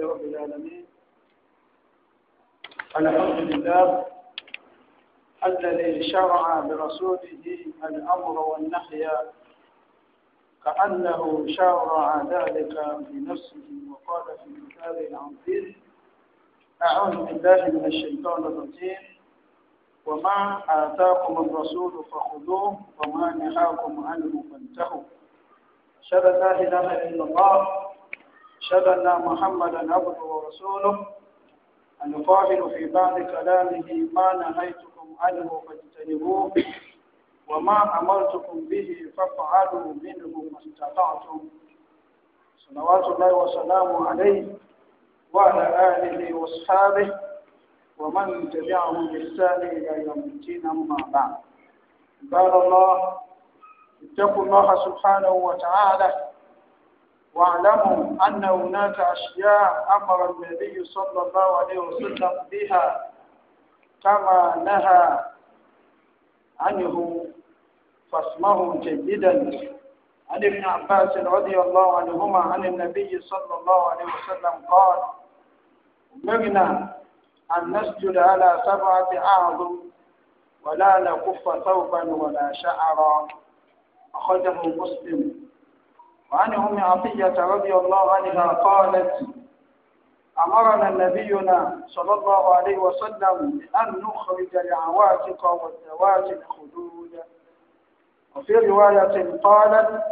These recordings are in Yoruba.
لله رب العالمين الحمد لله الذي شرع برسوله الأمر والنهي كأنه شرع ذلك بنفسه وقال في كتابه العظيم أعوذ بالله من الشيطان الرجيم وما آتاكم الرسول فخذوه وما نهاكم عنه فانتهوا أشهد أن لا إله إلا الله أشهد أن محمدا عبده ورسوله أن يقابل في بعض كلامه ما نهيتكم عنه فاجتنبوه وما أمرتكم به فافعلوا منه ما استطعتم صلوات الله وسلامه عليه وعلى آله وأصحابه ومن تبعهم بإحسان إلى يوم الدين أما بعد عباد الله اتقوا الله سبحانه وتعالى واعلموا أن هناك أشياء أمر النبي صلى الله عليه وسلم بها كما نهى عنه فاسمه جيدا عن ابن عباس رضي الله عنهما عن النبي صلى الله عليه وسلم قال أمرنا أن نسجد على سبعة أعظم ولا نكف ثوبا ولا شعرا أخرجه مسلم وعن أم عطية رضي الله عنها قالت أمرنا نبينا صلى الله عليه وسلم بأن نخرج العواتق والذوات الخدود وفي رواية قالت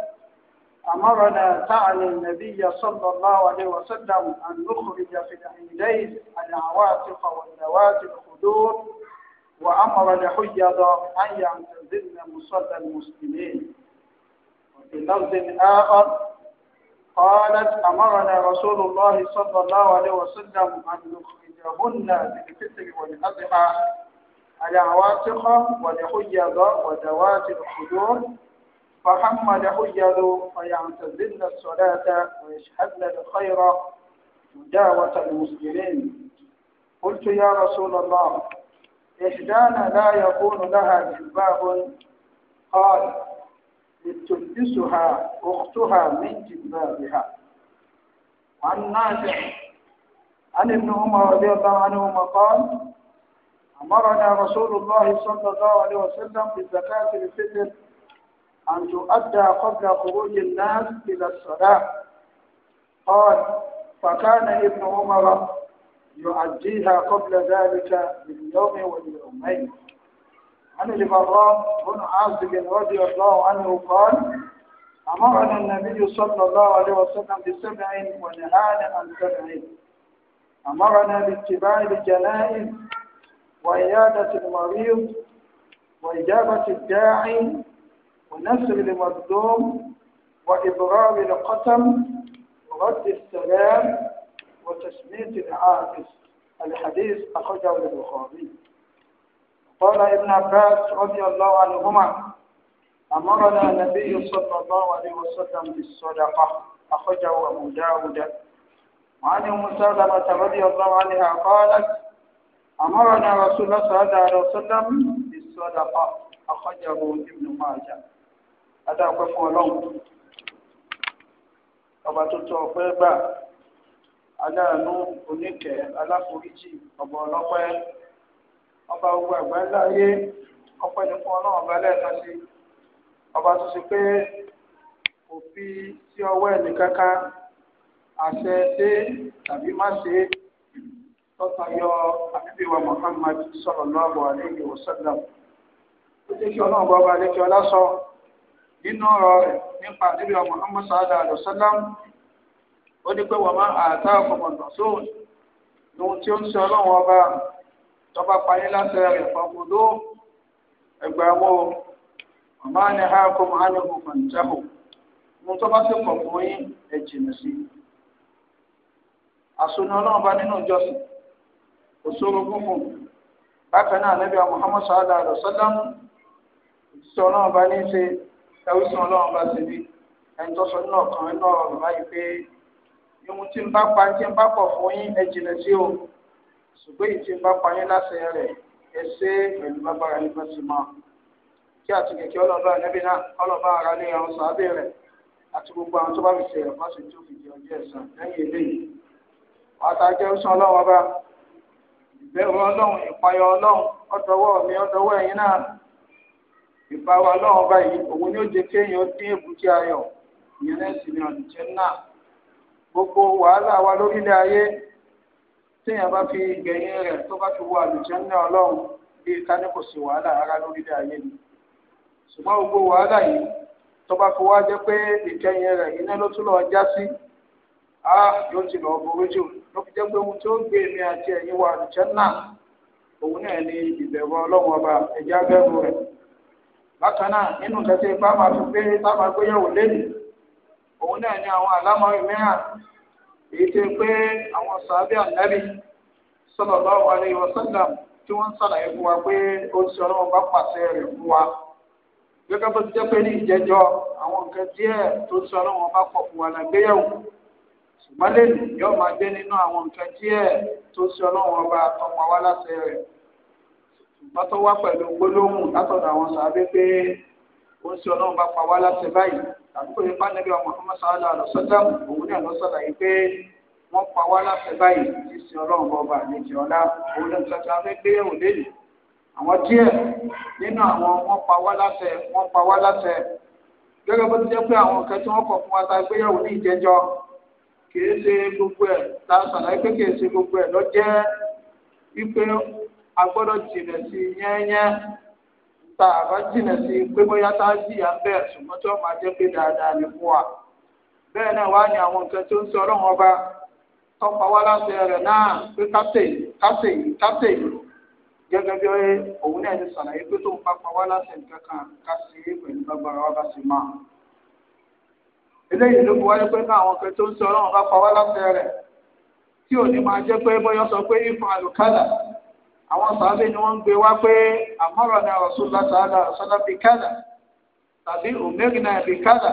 أمرنا تعني النبي صلى الله عليه وسلم أن نخرج في العيدين العواتق والذوات الخدود وأمر الحجة أن يعتزلن مصلى المسلمين بلفظ آخر قالت أمرنا رسول الله صلى الله عليه وسلم أن نخرجهن بالفتر والأضحى العواتق ولحيض وذوات الحجور فحم لحيض فيعتزلن الصلاة ويشهدن الخير مداوة المسلمين قلت يا رسول الله إحدانا لا يكون لها جباب قال تلبسها أختها من جبابها وعن نافع عن ابن عمر رضي الله عنهما قال أمرنا رسول الله صلى الله عليه وسلم بزكاة الفطر أن تؤدى قبل خروج الناس إلى الصلاة قال فكان ابن عمر يؤديها قبل ذلك باليوم واليومين عن البراء بن عازب رضي الله عنه قال أمرنا النبي صلى الله عليه وسلم بسبع ونهانا عن سبع أمرنا باتباع الجنائز وعيادة المريض وإجابة الداعي ونسر المظلوم وإبرار القتم ورد السلام وتسمية العاكس الحديث أخرجه البخاري قال ابن عباس رضي الله عنهما أمرنا النبي صلى الله عليه وسلم بالصدقة أخرجه أبو داود وعن أم سلمة رضي الله عنها قالت أمرنا رسول الله صلى الله عليه وسلم بالصدقة أخرجه ابن ماجه هذا هو لهم ọba tó tọ́ ọpẹ́ gbà aláàánú oníkẹ́ aláforíjì ọ̀bọ̀ ọlọ́pẹ́ ọba gbogbo àgbà ńlá ayé ọpẹ́ ní fún ọlọ́run ọba lẹ́ẹ̀kan sí ọba tó ṣe pé kò fi sí ọwọ́ ẹnì kankan àṣẹ ṣe tàbí má ṣe tọ́tayọ àbíbí wa Muhammad sallallahu alaihi wasallam ó jẹ́ kí ọlọ́run bá ba lẹ́kẹ́ ọlá sọ nínú ọ̀rọ̀ rẹ̀ nípa àbíbí Muhammad sallallahu alaihi wasallam ó ní pé wọ́n máa àtàkùn ọ̀dọ̀ sóòtù lóhun tí ó ń ṣe ọlọ́run ọba tọ́ba payé láti rẹ̀ fọ́gbọ́dọ́ ẹgbàáwọ́ ọ̀má ni ha kọ́ mọ́ ánìkù fàǹtẹ́hù mo tọ́ba ti pọ̀ fún yín ẹ̀ jìnnà sí i. àsunà ọlọ́run bá nínú ìjọsìn kò sóró gúnfún bákan náà Ànábì Muhammad sallallahu alaihi wasallam òṣìṣẹ́ ọlọ́run bá ní í ṣe ẹ̀wùsùn ọlọ́run bá ṣe bí ẹni tó sọ nínú ọ̀kan nínú ọ̀rọ̀ báyìí pé ihun tí ń bá pa tí ń bá pọ̀ fún yín ẹ̀ jìnnà sí o ṣùgbọ́n ìtì bá payé láṣẹ rẹ̀ ẹ ṣe pẹ̀lú bábára nípa sí mọ́ kí àti kẹ̀kẹ́ ọlọ́ba ẹ̀nẹ́bí náà ọlọ́ba ara lé àwọn sàábẹ̀ rẹ̀ àti gbogbo àwọn tó bá fi ṣe ẹ̀kọ́ sí tó fi di ọjọ́ ẹ̀san lẹ́yìn eléyìí àtàjẹ́ ń san ọlọ́run ọba ìbẹ̀rù ọlọ́run ìpayọ ọlọ́run ọ̀dọ́wọ́ mi ọ̀dọ́wọ́ ẹ̀yin náà ìbáwọ ọlọ́run ọba yìí òun ni ó jẹ kéèyàn dín èbúté ayọ̀ ìyẹn náà sì ni náà gbogbo wàhálà wa lórílẹ̀ ayé téèyàn bá fi gbẹ̀yìn rẹ̀ tó bá fi wọ àlùjànnà ọlọ́run bíi ká ní kò sí wàhálà ara lórílẹ̀ ayé ni ṣùgbọ́n gbogbo wàhálà yìí tó bá fi wá jẹ́ pé ìkẹyìn rẹ̀ iná ló tún lọ́ọ́ já sí á yóò ti lọ́ọ́ borí jù ló fi jẹ́ pé ohun ó gbé mi àti ẹ̀yin wọ òun náà ni ìbẹ̀rù ọlọ́run ọba rẹ̀ bákan nínú èyí tó pé àwọn sàábì ànábì sallallahu alaihi wasallam tí wọ́n ń sàlàyé fún wa pé ó ti ọlọ́run bá pàṣẹ rẹ̀ fún wa gẹ́gẹ́ bó ti jẹ́ pé ní ìjẹ́jọ́ àwọn nǹkan díẹ̀ tó ti ọlọ́run bá pọ̀ fún wa lágbéyẹ̀wò ṣùgbọ́n lẹ́nu yóò máa gbé nínú àwọn nǹkan díẹ̀ tó ti ọlọ́run bá tọpa wá láṣẹ rẹ̀ ṣùgbọ́n tó wá pẹ̀lú gbólóhùn látọ̀dọ̀ àwọn sàábì pé ó ti ọlọ́run bá pa wá láṣẹ báyìí àdúgbò yìí bá nẹ́bí ọmọ fún mọ́sálà lọ́sọ́jà òun náà lọ sọ̀rọ̀ yìí pé wọn pa wá báyìí ti sin ọlọ́run ọba àlejò ọlá òun náà tuntun afẹ́ gbé yẹ̀wò lélẹ̀ àwọn díẹ̀ nínú àwọn pa wá pa wá bó ti pé àwọn ta gbéyàwó ní kìí ṣe gbogbo pé ta a bá jìnà sí pé bóyá tá a jìyà ń bẹ̀rẹ̀ ṣùgbọ́n tí wọ́n máa jẹ́ pé dáadáa ni fún wa bẹ́ẹ̀ náà wá ní àwọn nǹkan tó ń sọ ọlọ́run ọba tọ́pa wá láti rẹ̀ náà pé kásẹ̀ kásẹ̀ kásẹ̀ gẹ́gẹ́ bí òun náà ti sàlàyé pé tó ń wá láti kan kásẹ̀ pẹ̀lú gbàgbára wa bá sì máa. eléyìí ló ọba pa wá láti tí máa jẹ́ àwọn sàábé ni wọ́n ń gbé wá pé àmọ́rọ̀ ní Rasulullah sàádà sọ́dá bí kádà tàbí òmìnirìnà bí kádà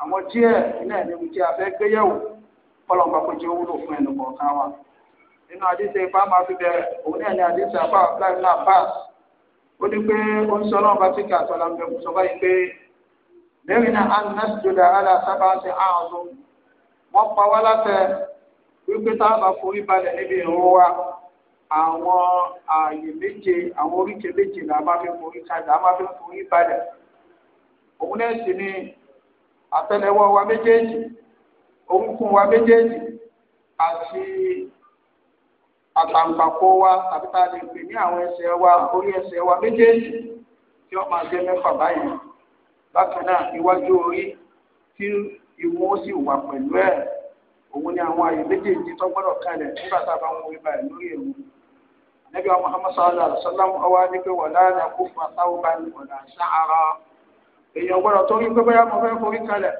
àwọn díẹ̀ iná ìlú tí a fẹ́ gbéyẹ̀wò kọlọ̀mọ́ kò jẹ́ wúlò fún ẹnu kọ̀ọ̀kan wa nínú àdìsẹ ipá máa fi bẹ̀rẹ̀ òun náà ní àdìsẹ apá abdullahi náà pass ó ní pé ó ń sọ náà bá ti kà sọlá ń bẹ̀rù sọ báyìí pé lẹ́yìn náà a nà sí jọdá àlà sábà ń ṣe àrùn wọ́n pa wá látẹ̀ wípé táwọn bá forí balẹ̀ níbi ìrún àwọn ààyè méje àwọn oríkè méje là máa fi forí kalẹ̀ a máa fi forí balẹ̀ ni wa méjèèjì orúnkún wa méjèèjì àti àtàǹpàkò wa tàbí tá a lè pè ní àwọn ẹsẹ̀ wa orí ẹsẹ̀ wa méjèèjì tí wọ́n máa báyìí bákan náà iwájú orí tí sì wà òun ni àwọn méjèèjì tó a bá ń lórí Nabi Muhammad sallallahu alaihi wa sallam ọwọ́ á ní pé wọ́n lára kó fún àtàwọn bá ní wọ́n lára sáárà. Èèyàn gbọ́dọ̀ torí pé bóyá mo fẹ́ forí kalẹ̀.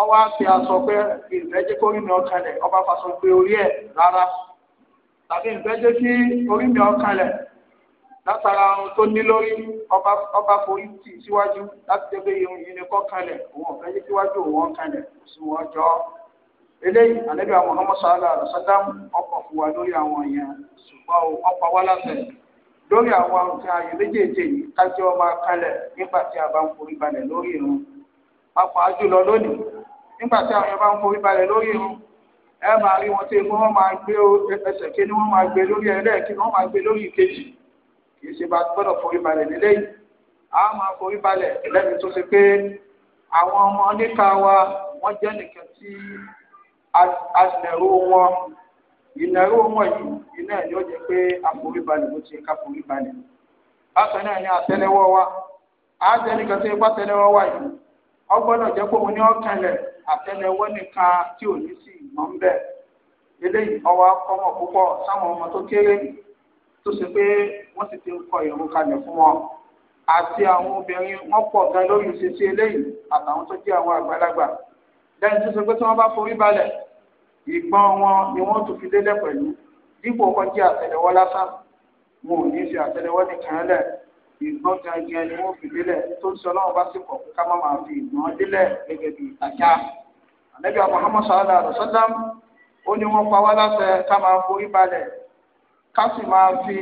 Ọwọ́ á fi aṣọ pé ìfẹ́jẹ́ kórìí mi ọ̀kalẹ̀ ọba faṣọ pé orí ẹ̀ rárá. Tàbí ìfẹ́jẹ́ kí orí mi ọ̀kalẹ̀ látara ohun tó ní lórí ọba forí tì síwájú láti jẹ́ yìí ni kọ́ kalẹ̀ òun ọ̀fẹ́ yí síwájú òun ọ̀kalẹ̀ òṣùwọ̀n jọ́ eléyìí ànábì àwọn ọmọọmọsọ aláàlùsọdáàmù ọkọ fún wa lórí àwọn èèyàn ṣùgbọ́n ọpa wá láṣẹ lórí àwọn nǹkan ààyè méjèèjì yìí kájọ máa kalẹ̀ nígbà tí a bá ń forí balẹ̀ lórí irun pàápàá jùlọ lónìí nígbà tí àwọn yẹn bá ń forí balẹ̀ lórí irun ẹ máa rí wọn tí egun wọn máa gbé ẹsẹ̀ kéni wọn máa gbé lórí ẹlẹ́ẹ̀kí wọn máa gbé lórí ìkejì kì ṣe bá gbọ́dọ̀ forí balẹ̀ lélẹ́yìí a máa forí balẹ̀ lẹ́ni tó ṣe pé àwọn ọmọ aṣèrò wọn ìnàró wọn yìí iná ẹ̀ ni ó jẹ́ pé àforíbalẹ̀ bó ti ká foríbalẹ̀ bákan náà ni àtẹ́lẹwọ́ wa àtẹnìkan tó ipá wa yìí ọgbọ́dọ̀ jẹ́ pé òun ní ọ̀kànlẹ̀ àtẹ́lẹwọ́ nìkan tí ò ní sí ìmọ̀ ń bẹ̀ eléyìí ọwọ́ akọ́mọ̀ púpọ̀ sáwọn ọmọ tó kéré tó ṣe pé wọ́n sì ti ń kọ àti àwọn obìnrin pọ̀ ìgbọ́n wọn ni wọ́n tún fi lélẹ̀ pẹ̀lú dípò wọn jẹ́ àtẹlẹwọ́ lásán wọn ò ní fi àtẹlẹwọ́ nìkan lẹ̀ ìgbọ́n gangan ni wọ́n fi lélẹ̀ tó ń sọ lọ́wọ́ bá sì pọ̀ ká má máa fi ìgbọ́n lélẹ̀ gẹ́gẹ́ bí ìtajà ànábì Muhammad sallallahu alaihi wasallam ó ní wọ́n pa wá láṣẹ ká máa forí balẹ̀ ká sì máa fi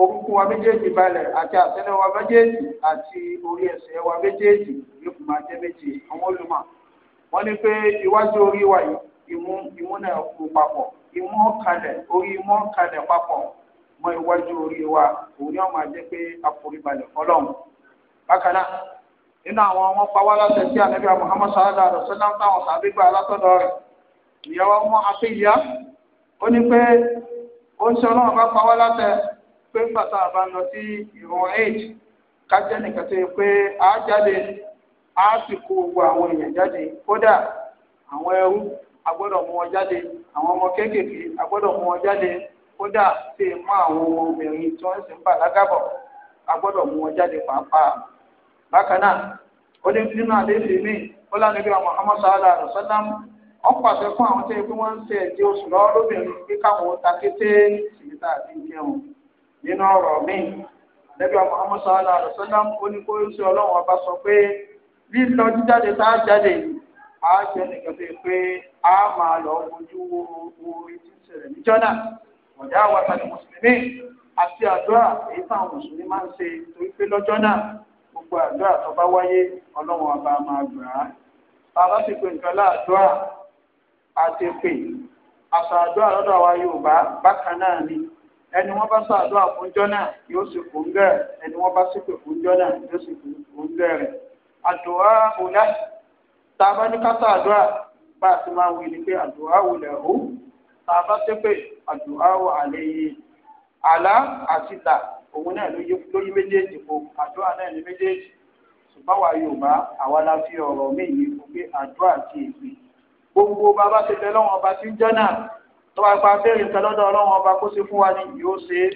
orúkún wa méjèèjì balẹ̀ àti àtẹlẹwọ́ méjèèjì àti orí ẹsẹ̀ wa méjèèjì yóò fi máa jẹ́ méjì àwọn olùmọ̀ wọ́n ní pé iwájú orí wa yìí imú na náà kú papọ̀ imú ọ̀kalẹ̀ orí imú ọ̀kalẹ̀ papọ̀ mọ iwájú orí wa òun ni wọn máa jẹ pé àforíbalẹ̀ fọlọ́run bákan náà nínú àwọn ọmọ pawá láti ẹsẹ ànábíà Muhammad sallallahu alaihi wa sallam táwọn sàbí gba ìyàwó ọmọ àti ó ní pé ó ń ṣe pawá pé ń bàtà àbá lọ sí ìrún nìkan tó yẹ agbọdọ mú wọn jáde àwọn ọmọ kéékèèké agbọdọ mú wọn jáde kódà ṣe mú àwọn obìnrin tí wọ́n sì ń bàlágàbọ̀ agbọ́dọ̀ mú wọn jáde pàápàá bákan náà ó ní nínú àdéhùn mi ó lánàá bí ọmọ ọmọ fún àwọn wọn ń ṣe oṣù lọ lóbìnrin kété àti nínú mi ó ní kó á jẹ́ nìkan tó yẹ pé á máa lọ ojú wo orin tí ń ṣẹlẹ̀ níjọ́ náà ọ̀dà àwọn àtàlù mùsùlùmí àti àdúrà èyí táwọn mùsùlùmí máa ń ṣe torí pé lọ́jọ́ náà gbogbo àdúrà tó bá wáyé ọlọ́run àbá máa gbà á bàbá ti pè nǹkan láàdúrà àti pè àṣà àdúrà lọ́dọ̀ àwa Yorùbá bákan náà ni ẹni wọ́n bá ṣàdúrà fúnjọ́ náà yóò sì fún gẹ́rẹ̀ ẹni wọ́n bá ṣépè fúnjọ́ náà yóò sì fún gẹ́rẹ̀ àdúrà òlá tá a bá ní kásá àdúrà bá a ti máa wí ni pé àdúrà wò lẹ̀ hó tá a bá ṣe pé àdúrà wò àlẹ́ yìí àlá àti ìlà òun náà ló yí méjèèjì po àdúrà náà ní méjèèjì ṣùgbọ́n wàá yorùbá àwa la fi ọ̀rọ̀ míì yìí fún pé àdúrà àti èpè gbogbo bàbá ṣe tẹ lọ́wọ́n ọba tí ń jẹ́ náà tó bá pa béèrè nǹkan lọ́dọ̀ ọlọ́wọ́n ọba kó ṣe fún wa ni yóò ṣe é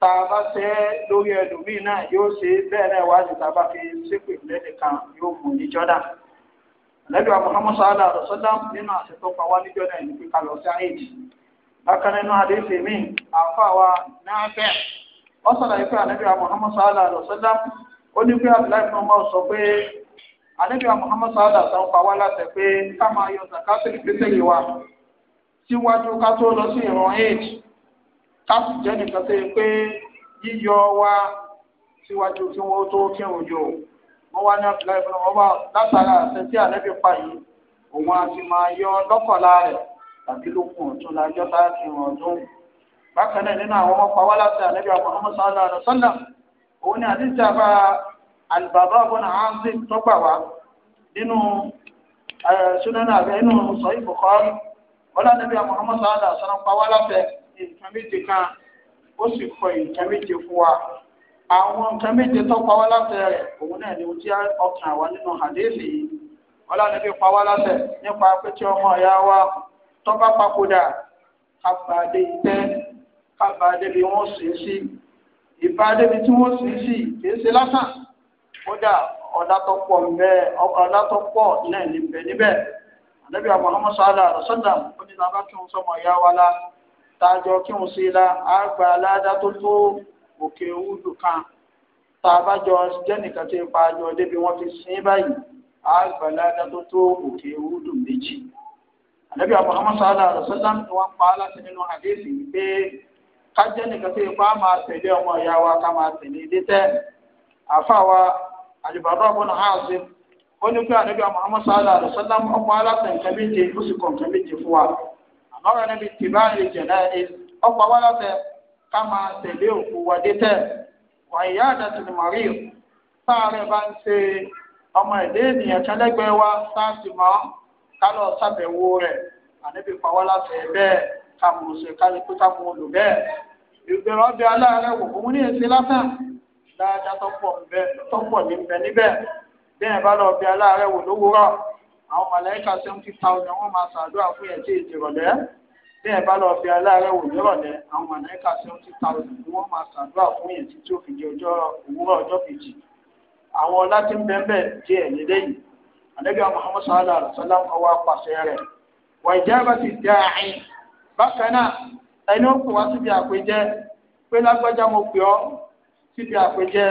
tá a bá ṣe lórí ẹlòmíì náà yóò ṣe é bẹ́ẹ̀ náà wá sí tá a bá fi ṣépè lẹ́nìkan yóò mú níjọ́ náà. àlẹ́bí wa Muhammad sallallahu alaihi nínú àṣẹ tó níjọ́ náà ní pípa sí àìdì bákan nínú àdéhùn èmi náà fẹ́ ọ sọ̀rọ̀ ìfẹ́ àlẹ́bí wa ó ní pé sọ pé àlẹ́bí wa wa síwájú ká tó lọ sí ká sì jẹ́ nìkan pé yíyọ wa síwájú wọ́n tó kírun wọ́n wá ní abdullahi ibn umar látara àṣẹ tí ànábì pa yìí òun á ti máa yọ lọ́kọ̀ọ́lá rẹ̀ tàbí lókun ọ̀tún lájọ́ tá a ti ràn ọdún. bákan náà nínú àwọn ọmọ pàwọ́ láti ànábì Muhammad sallallahu alaihi wasallam òun ni àdìsí àbá al-Bara' ibn Azib tọ́gbà wá nínú sunan àbẹ nínú Sahih Bukhari ọlọ́nàbí Muhammad sallallahu alaihi wasallam pàwọ́ láti nǹkan méje kan ó sì kọ nǹkan méje fún wa àwọn nǹkan méje tó pa wá láṣẹ rẹ̀ òun náà ni ohun tí ọkàn àwa nínú àdéhìsì yìí ọlá níbi pa wá láṣẹ nípa pé tí ọmọ ìyá wa tó bá papòdà kábàdé ìtẹ́ kábàdé bí wọ́n sì ń sí ìbàdé bí tí wọ́n sì ń sí kì í ṣe lásán kódà ọ̀dà tó pọ̀ níbẹ̀ ọ̀dà tó pọ̀ náà níbẹ̀ níbẹ̀ ànábì Muhammad sallallahu alaihi wasallam ó kí wọn sọmọ ìyá wa la tààjọ kí wọn sí la àgbà aládàá tó tó òkè òwúdù kan tá a bá jọ jẹ́nìkan tó ipa jọ débi wọ́n fi sin báyìí á gbà ládá tó tó òkè òwúdù méjì. ànábì Muhammad sallallahu alaihi wasallam ni wọ́n pa á láti nínú àdéhùn pé ká jẹ́nìkan tó ipa máa tẹ̀lé ọmọ ìyá wa ká máa tẹ̀lé ilé tẹ́ àfàwà àlùbàdàn ọ̀bọ̀n àhàzẹ́ ó ní pé ànábì Muhammad sallallahu alaihi wasallam ọmọ aláṣẹ nǹkan méje ó sì kọ̀ nǹkan méje fún wa àmọ́ ká máa tẹ̀lé òkú wa dé tẹ̀ wàyí àdàtúndì mọ̀rí sáàrẹ̀ bá ń ṣe ọmọ ìdí ènìyàn tẹ́lẹ́gbẹ̀ẹ́ wa sáàsì mọ́ ká lọ ṣàbẹ̀wò rẹ̀ àníbi pàwọ́ láti ẹ̀ bẹ́ẹ̀ ká mú ṣe kárí pé ká mú lò bẹ́ẹ̀ ìgbèrò ọbẹ̀ aláàárẹ̀ wò òun ní èsì lásán dáadáa tọ́pọ̀ ní bẹ níbẹ̀ bẹ́ẹ̀ bá lọ ọbẹ̀ aláàárẹ̀ wò lówùrọ̀ àwọn màláíkà seventy thousand wọ́n máa ṣàdúrà fún ẹ̀ tí ì bí ẹ bá lọ fi wò àwọn mọ̀lẹ́kà seventy thousand ni wọ́n máa ṣàdúrà fún yẹn títí di kejì àwọn tí ń bẹ́ẹ̀ bẹ́ẹ̀ díẹ̀ lélẹ́yìn àdẹ́gbẹ́ sallallahu alaihi ti dá àyìn bákan náà ẹni ó pè wá síbi àpèjẹ pé lágbájá mo pè síbi àpèjẹ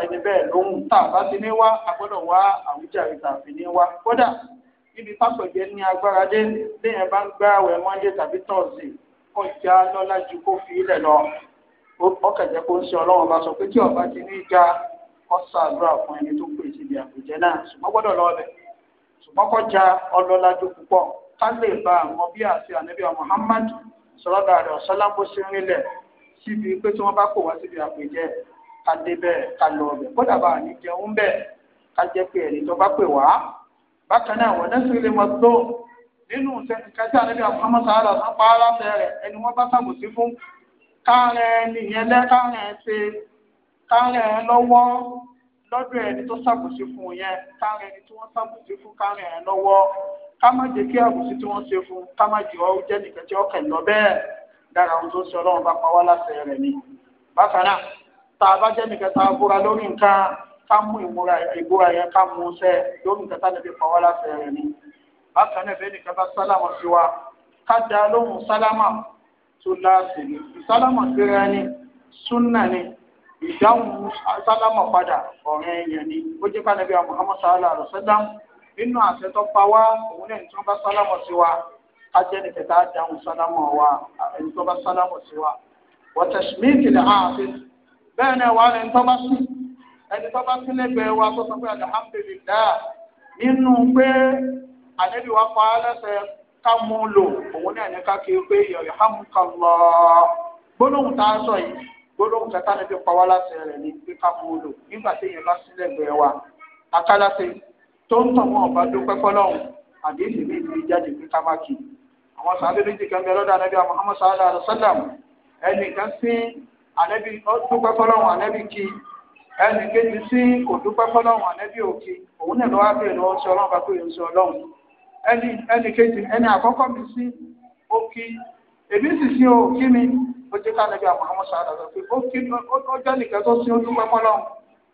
ẹni bẹẹ lóhùn tá a bá ti ní wá a wá àwùjọ níbi pásọ̀jẹ́ ní agbára dé léèyàn bá ń gbá àwẹ̀ mọ́ndé tàbí tọ́ọ̀sì kó ìjà lọ́la ju kó fi ilẹ̀ lọ ọkẹ̀jẹ̀ kó ń ṣe ọlọ́run bá sọ pé tí ọba ti ní ìjà ọ̀sà àdúrà fún ẹni tó pè síbi àpèjẹ náà ṣùgbọ́n gbọ́dọ̀ lọ ọbẹ̀ ṣùgbọ́n kọjá ọlọ́lá ju púpọ̀ ká lè ba àwọn bí àti ànábì Muhammad sọlọ́dà rẹ̀ ọ̀sọ́lá kó sí rinlẹ̀ síbi pé tí wọ́n bá kó wá síbi àpèjẹ ká dé bẹ́ẹ̀ ká lọ ọbẹ̀ kódà bá àníjẹun bẹ́ẹ̀ ká jẹ́ pé ẹ̀rí bákan náà wọ́n dẹ́sí lè mọ̀ tó nínú kẹta níbi àmọ́ sàárà tán pa ara bẹ̀rẹ̀ ẹni wọ́n bá sàbòsí fún káàrẹ̀ nìyẹn lẹ́ káàrẹ̀ ṣe káàrẹ̀ lọ́wọ́ lọ́dọ̀ ẹni tó sàbòsí fún yẹn káàrẹ̀ ẹni tí wọ́n sàbòsí fún káàrẹ̀ ẹ̀ lọ́wọ́ ká má jẹ́ kí àbòsí tí wọ́n ṣe fún ká má jẹ́ ọ́ jẹ́ nìkan tí ọkàn lọ bẹ́ẹ̀ dára ohun tó ṣe ọlọ́run bá pa wá láṣẹ rẹ̀ ni bákan náà tá a bá jẹ́ nìkan tá a búra lórí nǹkan ká mú ìbúra yẹn ká mú sẹ́ lórí nǹkan tá níbi pàwọ́ láti rẹ̀ ni. bákan náà bẹ́ẹ̀ nìkan bá sálámà sí wa ká da lóhùn sálámà tó láàsì ni sálámà síra ni súnà ni ìdáhùn sálámà padà ọ̀rẹ́ ẹ̀yàn ni ó jẹ́ ká níbi àwọn Muhammad sallallahu alaihi wasallam nínú àṣẹ tó pa wá òun náà ní bá sálámà sí wa ajẹni kẹta dáhùn sálámù wa ẹni bá sálámù sí wa wọ́tẹ̀símìtì lè hàn ẹni tó bá sí lẹ́gbẹ̀ẹ́ wa tó sọ pé alhamdulillah nínú pé ànábì wa pa á lẹ́sẹ̀ lò òun ní o pé yarhamukallah gbólóhùn tá a sọ yìí gbólóhùn kẹta níbi pa wá láti ní pé ká lò nígbà tí bá wa tó ń tàn ọba dúpẹ́ fọlọ́hún maki mi ti jáde pé ká àwọn méjì kan bẹ ẹnì kejì sí kò dúpẹ́ fọlọ́run ànẹ́bí òkè òun náà ló wá bèèrè lọ́wọ́ sí ọlọ́run pàtó yẹn sí ọlọ́run ẹnì kejì ẹni àkọ́kọ́ mi sí òkè èmi sì sí òkè mi ó jẹ́ kánẹ́bí àmọ́hámọ́ sàádà lọ pé òkè ọjọ́ nìkan tó sí ó dúpẹ́ fọlọ́run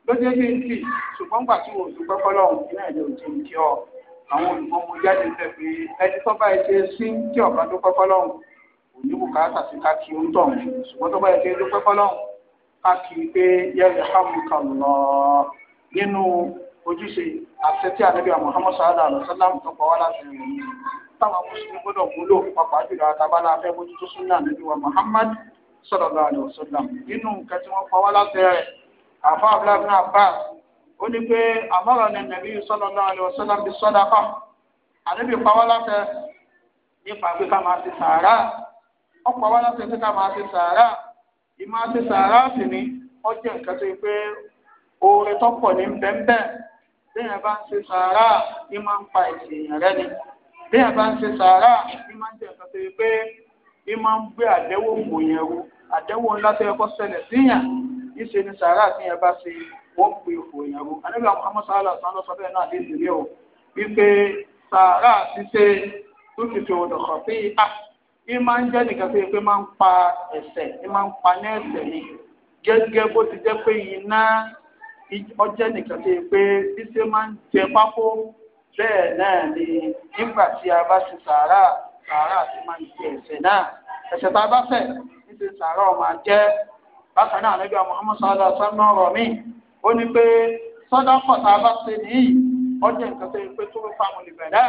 ló jẹ́ kí n kì ṣùgbọ́n gbà tí mo dúpẹ́ fọlọ́run iná ìjọ òjì ń kí ọ àwọn olùkọ́ mo jáde ń tẹ̀pé ká kì í pé yarhamukallah nínú ojúṣe àṣẹ tí ànábì Muhammad sallallahu alaihi wasallam tọpọ wá láti rìn yìí táwọn mùsùlùmí gbọ́dọ̀ múlò pàpà jùlọ àtàbálà afẹ mójútó súnà ànábì wa Muhammad sallallahu alaihi wasallam nínú nǹkan tí wọn pa wá láti rẹ àfa abdullahi bin abbas ó ní pé àmọ́ràn ní nàbí sallallahu alaihi wasallam bí sadaqa ànábì pa wá láti nípa pé ká máa ti sàárà ọ̀pọ̀ wá láti pé ká máa ti sàárà ìmọ̀ àti sàárà sì ni wọ́n jẹ́ nǹkan tó yẹ pé oore tó pọ̀ ní bẹ́ńbẹ́ bẹ́ẹ̀ bá ń ṣe sàárà ní máa ń pa ìsèyàn rẹ ni bẹ́ẹ̀ bá ń ṣe sàárà ní máa ń jẹ́ nǹkan tó yẹ pé ní máa ń gbé àdẹ́wò wò yẹn ru àdẹ́wò ńlá tó yẹ kó ṣẹlẹ̀ síyàn níṣe ni sàárà tí yẹn bá ṣe wọ́n pe òfò yẹn ru anábì àwọn amọ́sàálà sàn lọ́sọ bẹ́ẹ̀ náà léṣe rí o wípé sàárà ti ṣe dúkìtì òdòkọ̀ sí à í máa ń jẹ́ nìkan tó yẹ pé máa ń pa ẹ̀ṣẹ̀ í máa ń pa ní ni gẹ́gẹ́ bó ti jẹ́ pé iná ọjẹ́ nìkan tó pé ṣíṣe máa ń jẹ pákó bẹ́ẹ̀ náà ni nígbà tí a bá ṣe sàárà sàárà ti máa ń jẹ ẹ̀ṣẹ̀ náà ẹ̀ṣẹ̀ tá a bá ṣẹ̀ níṣẹ́ sàárà ọ̀ máa bákan náà níbi àwọn ọmọ sọ́dọ̀ sọ́nà ọ̀rọ̀ mi ó ní pé sọ́dọ̀ pọ̀ tá a bá ṣe nìyí ọjẹ́ nìkan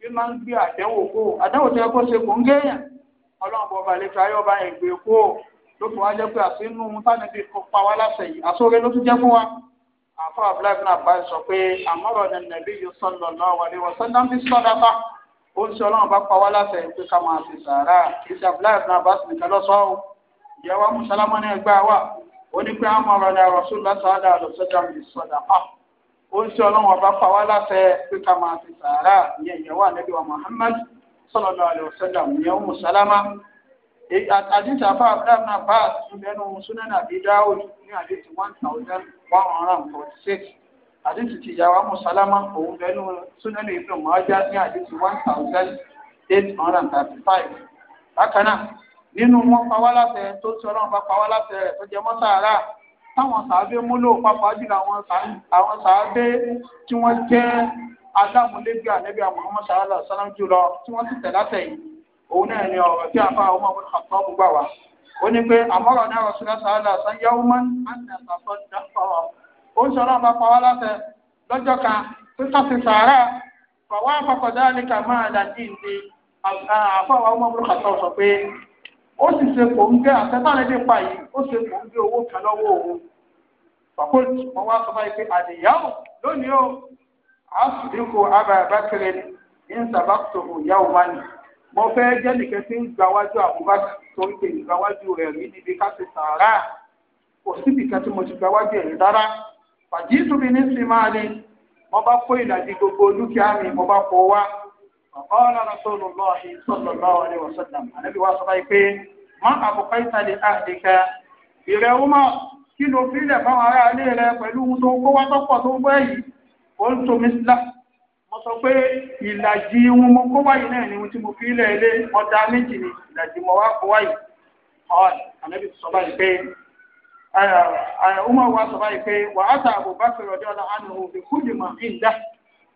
bí máa ń gbé àdánwò kó àdánwò tó yẹ kó ṣe kò ń géèyàn ọlọ́run bọ̀ balẹ̀ fi ayọ́ bá yẹn gbé kó ló fi wá jẹ́ pé àsínú tánàbí kó pa wá láṣẹ yìí àsóore ló tún jẹ́ fún wa àfọ abdullahi bin abbas sọ pé àmọ́rọ̀ ni nàbí yìí sọ̀lọ̀ náà wà ní wọ́sán náà bí sọ̀dá bá ó ń ṣe ọlọ́run bá pa wá láṣẹ yìí pé ká máa ṣe sàárà kì í ṣe abdullahi bin abbas nìkan lọ́sọ̀ ọ́ ìyàwó musalama náà wa ó ní pé àmọ́rọ̀ ni àròsùn lọ́sọ̀ọ́dà lọ́sọ̀dà bí sọ̀dá bá ó ń ṣe ọlọ́run ọba pa wá láfẹ́ pé ká máa fi sàárà ní ẹ̀yẹ̀wò ànábì wa Muhammad sallallahu alaihi wasallam ní ọmọ sálámà àdìsí àfa abdulhamid abbas ìbẹnu sunan abi dawud ní àdìsí one thousand one hundred and forty six àdìsí ti ìyàwó musalama òun bẹnu sunan ibn majah ní àdìsí one thousand eight hundred and thirty five bákan náà nínú wọn pawá láfẹ́ tó ti ọlọ́run bá pawá láfẹ́ rẹ̀ tó jẹ mọ́ sàárà táwọn sàábé múlò pápá jùlọ àwọn sàábé tí wọ́n jẹ́ alámúlégbé ànẹ́bí Muhammad sallallahu alaihi wasallam jùlọ tí wọ́n ti tẹ̀látẹ̀ yìí òun náà ni ọ̀rọ̀ tí a fa ọmọ ọmọ ọ̀tọ́ gbà wá ó ní pé àmọ́rọ̀ náà Rasulullah sallallahu alaihi wasallam yẹ́wó mọ́ ó ń sọ̀rọ̀ bá pa wá láṣẹ lọ́jọ́ kan tó tàṣì sàárà fọwọ́ àpapọ̀ dáríkà máa dàdí ìdí àfọwọ́ ọmọ ọmọ sọ pé ó sì ṣe kò ń gẹ àtẹ́tàrẹ́ nípa yìí ó ṣe kò ń gé owó kan lọ́wọ́ òun pàpọ̀ wọn wá sọ báyìí pé àdìyáwó lónìí ó àṣùdínkù abàbákẹrẹ ní sàbàtòmù yàwó wá ní mo fẹ́ jẹ́ nìkan tí ń gbáwájú àbúbákà tó ń pè gbáwájú rẹ̀ rí níbi ká ti sàárà kò síbi kan tí mo ti gbáwájú ẹ̀ rárá fàjì tóbi ní sinmi máa mo bá kó ìlàjì gbogbo dúkìá mi mo bá kó wá ọ̀kọ́ọ̀lá rasọ́lù lọ́ọ̀hì sọ́lọ́lọ́wọ́ alẹ́ wọ̀sọ́lá ànábì wa sọ báyìí pé má àbùkà ìtàlẹ̀ àdìkà ìrẹ̀ ọmọ kí ló fílẹ̀ fáwọn ará ilé rẹ pẹ̀lú ohun tó ń kó wá tọ́pọ̀ tó ń bọ́ yìí ó ń to mísílà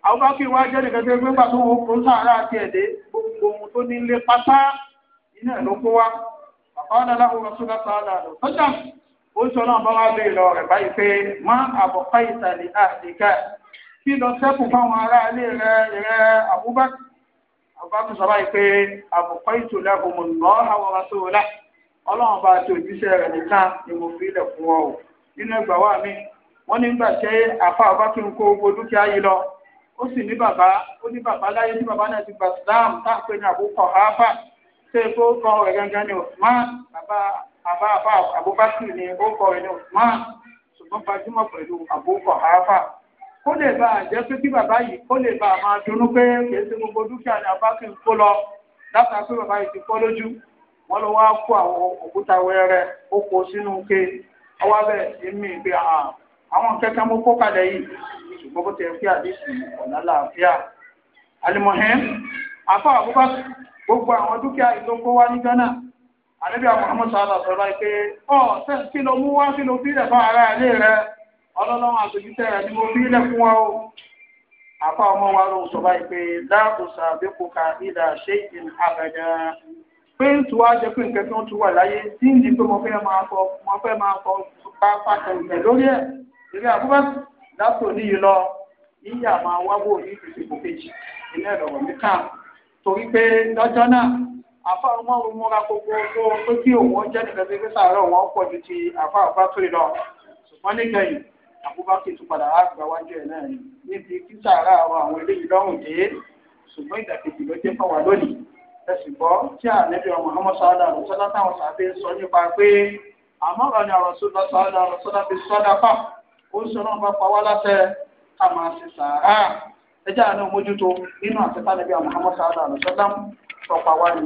àwọn bá kí wá jẹ́ nìkan tó gbégbà tó wọ́n kó sàárà àti ẹ̀dẹ́ gbogbo ohun tó ní ilé pátá iná ẹ̀ ló kó wá àkọọ́lẹ̀ láwọn ọ̀ṣọ́lá sàárà sọ́jà ó sọ náà bá wá lọ rẹ̀ báyìí pé má ìtàlẹ̀ àdìgá kí lọ sẹ́kù fáwọn ará ilé sọ báyìí pé ìtòlẹ̀ àwọn ọlọ́run ó sì ní bàbá ó ní bàbá láyé tí bàbá náà ti gba Islam tá a pè ní àkókò ààbà ṣé kó kọ rẹ̀ gangan ni Usman bàbá àbá àbá Abubakar ni ó kọ rẹ̀ ni Usman ṣùgbọ́n gbajúmọ̀ pẹ̀lú àkókò ààbà kó lè bá àjẹ́ pé kí bàbá yìí kó lè bá a máa dunnú pé kìí ṣe gbogbo dúkìá ni Abubakar kó lọ látàá pé bàbá yìí ti kọ́ lójú wọ́n lọ wá kó àwọn òkúta wẹ́rẹ́ ó kó sínú ke ọwọ́ bẹ́ẹ̀ èmi ìgbé ààbò ah, àwọn kẹkẹ mo kó kalẹ̀ yìí ṣùgbọ́n bó ti ẹ̀ fi àdéṣù ọ̀nà làáfíà alimohim afọ àbúkà gbogbo àwọn dúkìá ìdókò wá ní Ghana àníbi àmọ́ sàlá sọ̀rọ̀ pé ọ kí ló mú wá kí ló fi ilẹ̀ fún ara ilé rẹ ọlọ́lọ́wọ́n àtòjútẹ́ rẹ ni mo fi ilẹ̀ fún wa o afọ ọmọ wa ló sọ báyìí pé láàbùsà àbíkùkà ìdà ṣe ìdìn àbẹ̀dẹ̀ pé ń tu wá jẹ́ pé nǹkan tó ń tu wà láyé tí ń di pé mo fẹ́ máa kọ mo fẹ́ máa kọ pápá tẹ̀lé lórí ẹ̀ ìrẹ àbúrò látò níyì lọ yíyí àmọ́ awáwò ní ìfìsìnkò kejì ilé ẹ̀rọ mi kàn torí pé lọ́jọ́ náà àfa ọmọ òun múra gbogbo tó kí òun jẹ́ nìkan tó gbé sàárọ̀ wọn pọ̀ ju ti àfa àfa tó lọ ṣùgbọ́n nígbẹ̀yìn àbúbákì tó padà wá wájú ẹ̀ náà níbi kí sàárà àwọn eléyìí lọ́rùn dé ó ń sọ náà bá pa wá láṣẹ ká máa ṣe sàárà ẹjẹ́ àná mójútó nínú àtẹ́tà níbi Muhammad sallallahu alaihi wasallam wá ni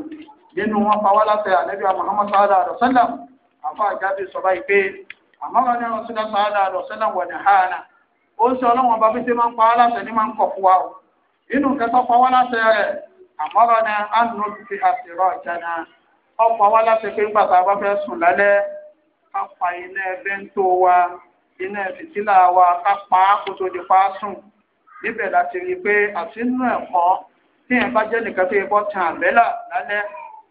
nínú wọn pa wá láṣẹ ànẹ́bí Muhammad sallallahu alaihi àfa àjáde sọ báyìí pé ní ọ̀rọ̀ sílẹ̀ sallallahu alaihi hàánà o inú kẹtọ́ pa wá láṣẹ ní ti ìjànà iná fìtílà wa ká pa á kó tó di pa á sùn níbẹ̀ láti rí i pé àti ẹ̀kọ́ tí ẹ̀ bá jẹ́ nìkan tó yẹ kó tan àbẹ́là lálẹ́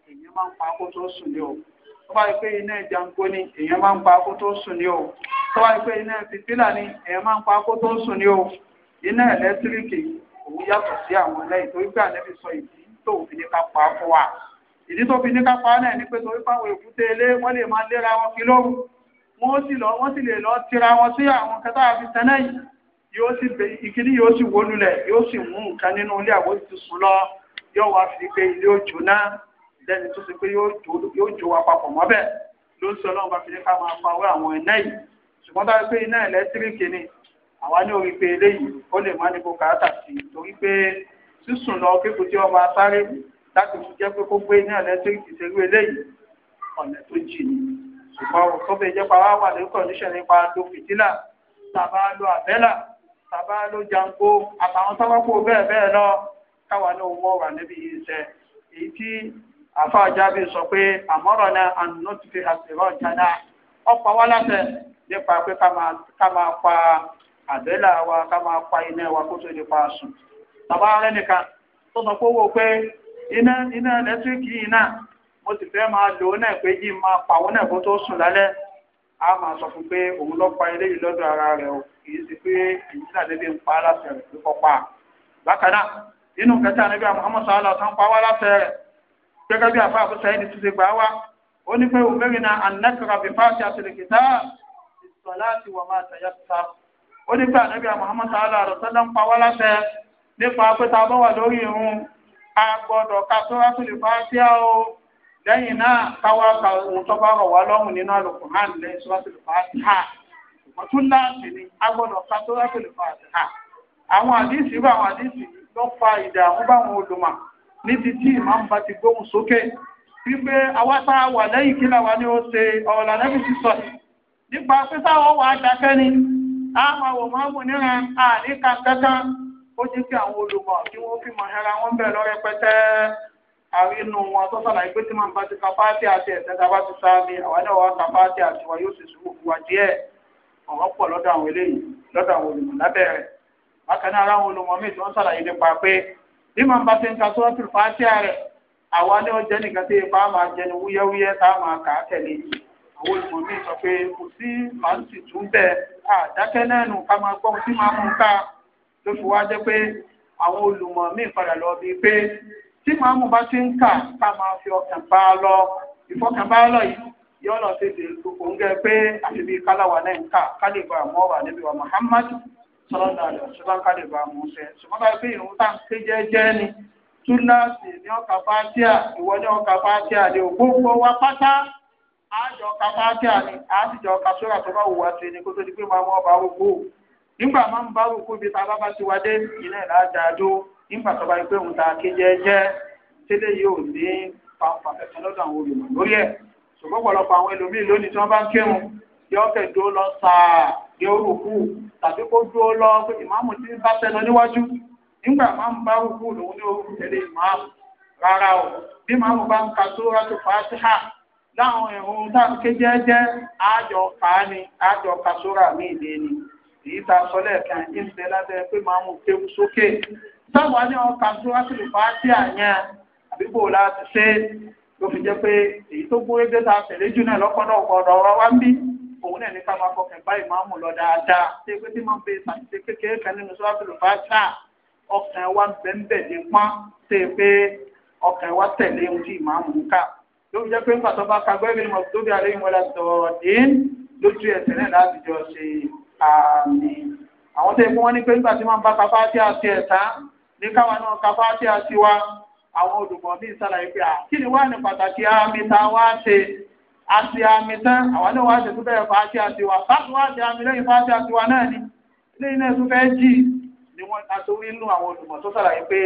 èèyàn máa ń pa kó tó sùn ní o tó bá yẹ pé iná ìjàngbó ni èèyàn máa ń pa kó tó sùn ní o tó bá yẹ pé iná fìtílà ni èèyàn máa ń pa kó tó sùn ní o iná ẹ̀lẹ́tíríkì òun yàtọ̀ sí àwọn ẹlẹ́yìn torí pé àlẹ́ fi sọ ìdí tó fi ní ká pa á fún wa ìdí tó fi ní ká pa á náà ni pé torí pé èkúté ilé wọ́n lè máa léra wọn kí lóru wọ́n sì lọ wọ́n sì lè lọ tira wọn sí àwọn kẹta àfi tẹ́lẹ̀ yìí yóò sì bẹ ìkíní yóò sì wó lulẹ̀ yóò sì mú nǹkan nínú ilé àwọn ti sùn lọ yóò wá fi pé ilé òjò náà lẹ́ni tó ṣe pé yóò jó wa papọ̀ mọ́ bẹ́ẹ̀ ló ń sọ náà bá fi ní ká máa pa owó àwọn iná yìí ṣùgbọ́n bá pé iná ẹ̀lẹ́tíríkì ni àwa ní orí pé eléyìí ó lè má ní kó kàátà sí i torí pé sísùn lọ kékeré tí wọ́n máa sáré láti fi jẹ́ pé kó gbé iná ẹ̀lẹ́tíríkì ṣùgbọ́n tó fi jẹ́ ala wá wà nípa lo fìtílà tàbá lo àbẹ́là tàbá lo àtàwọn bẹ́ẹ̀ bẹ́ẹ̀ lọ ní owó níbi yìí ṣe èyí tí àfáà jábí sọ pé àmọ́rọ̀ náà àná ti fi àṣírọ̀ jáde ọ̀pọ̀ wá látẹ̀ nípa pé ká máa pa àbẹ́là wa ká máa pa mo sì fẹ́ máa lò ó náà pé jí máa pàwọ́ náà kó tó sùn lálẹ́ a máa sọ fún pé òun lọ pa eléyìí lọ́dọ̀ ara rẹ̀ o kì í ṣe pé èyí náà débi ń pa á láti rẹ̀ ló kọ́pa. bákan náà nínú kẹta níbi Muhammad sallallahu alaihi pa wá láti rẹ̀ gẹ́gẹ́ bí àfa àbúṣe ẹni tó ṣe gbà wá ó ní pé umirna an nakra bi fatihatil kitab ìsọ̀láti wà máa tẹ̀yẹ́ta. ó ní pé ànábì Muhammad sallallahu alaihi lẹ́yìn náà káwá ka ohun tó bá rọ̀ wá lọ́rùn nínú lẹ́yìn ṣùgbọ́n tún ni a gbọ́dọ̀ ka Suratul àwọn àdìsí bá àwọn àdìsí fa ìdààmú báwọn olùmọ̀ ní tí ìmọ̀ ń bá ti gbóhùn sókè wípé wà lẹ́yìn kí ni ó ṣe ni a máa wò máa wò níran àníkà kankan ó àwọn olùmọ̀ àrínú wọn tó sàlàyé pé tí màá bá ti ka fáàtì àti ẹ̀sẹ̀ta bá ti sáámi àwa náà wá ka fáàtì àti wa yóò sì sùn fún wa díẹ̀ ọ̀rọ̀ pọ̀ lọ́dọ̀ àwọn eléyìí lọ́dọ̀ àwọn olùmọ̀ lábẹ́rẹ̀ bákan náà aláwọn olùmọ̀ míì tó ń sàlàyé nípa pé bí màá bá ti ń ka sọ́ọ́tì fáàtì rẹ̀ àwa náà jẹ́ nìkan tí ipa máa jẹnu wúyẹ́wúyẹ́ tá a máa kà á tẹ̀lé àwọn olùmọ̀ míì sọ pé kò sí màá sì tún bẹ́ẹ̀ àdákẹ́ náà nù ká máa gbọ́n tí máa mú tí màámu bá ti ń kà ká máa fi ọkàn bá a lọ ìfọkàn bá a lọ yìí yóò lọ sí ti òǹgẹ pé àṣìbí káláwa náà ń kà kálíbà mọ́ wà níbi wa Muhammad sọlọ́dà rẹ̀ ṣùgbọ́n kálíbà mọ́ ṣe ṣùgbọ́n báyìí pé ìrún tá ké jẹ́jẹ́ ni túláàsì ní ọkà fátíà ìwọ ní ọkà fátíà ní ògbóngbò wa pátá àjọ ọkà fátíà ni àtijọ́ ọkà sóra tó bá wù wá sí ni kó tó di pé màá mọ́ ọba rúkú nígbà máa ń bá rúkú ibi tá a bá bá ti wá dé ìlẹ̀ láàjà àdó nígbà tó bá yẹ pé òun ta ké jẹ́ẹ́jẹ́ tẹ́lẹ̀ yóò ní fanfa ẹ̀sán lọ́dọ̀ àwọn olùmọ̀ lórí ẹ̀ ṣùgbọ́n ọ̀pọ̀lọpọ̀ àwọn ẹlòmíì lónìí tí wọ́n bá ń kírun yóò kẹ̀ dúró lọ sáà yẹ ó rùkú tàbí kó dúró lọ pé ìmáàmù ti bá sẹ́nu níwájú nígbà máàmù bá rùkú lòun ní orúkú tẹ̀lé ìmáàmù rárá o bí máàmù bá ń ka sóràtù fàtíhà láwọn ẹ̀hún táwọn kéjẹ́jẹ́ àjọ kàá àjọ ka sóra mi ni èyí ta sọ lẹ́ẹ̀kan ìṣẹ́ lábẹ́ pé máàmù kéwú sókè táwọn ní wọn kà sí wáṣí lè fàájì àyàn àbíbò láti ṣe ló fi jẹ́ pé èyí tó gbóyè gbé ta tẹ̀lé jù náà lọ́kọ́ náà ọ̀dọ̀ ọ̀rọ̀ wá ń bí òun náà ní ká máa fọkàn bá ìmáàmù lọ dáadáa ṣé pé tí máa ń pe ìsàkíṣe kékeré kan nínú sọ́wọ́sì lè fàájì ọkàn wa bẹ́ẹ̀ ní pọ́n ṣe pé ọkàn wa tẹ̀lé ohun tí ìmáàmù ń kà ló fi jẹ́ pé nígbà tó bá ka gbẹ́bí ni mo tó bí alẹ́ ìwọlẹ̀ sọ̀rọ̀ àwọn tó yẹ kí ní pé nígbà tí wọ́n bá ka fáṣí àti ẹ̀sán ní káwa náà ka fáṣí àti wa àwọn olùmọ̀ mi ṣàlàyé pé kí ni wá ní pàtàkì àmì tá a wá ṣe àti àmì tán àwọn náà wá ṣe tó bẹ̀rẹ̀ fáṣí àti wa sáàtù wá ṣe àmì lẹ́yìn fáṣí àti wa náà ni lẹ́yìn náà tó fẹ́ jì ni wọ́n àtòrí nù àwọn olùmọ̀ tó ṣàlàyé pé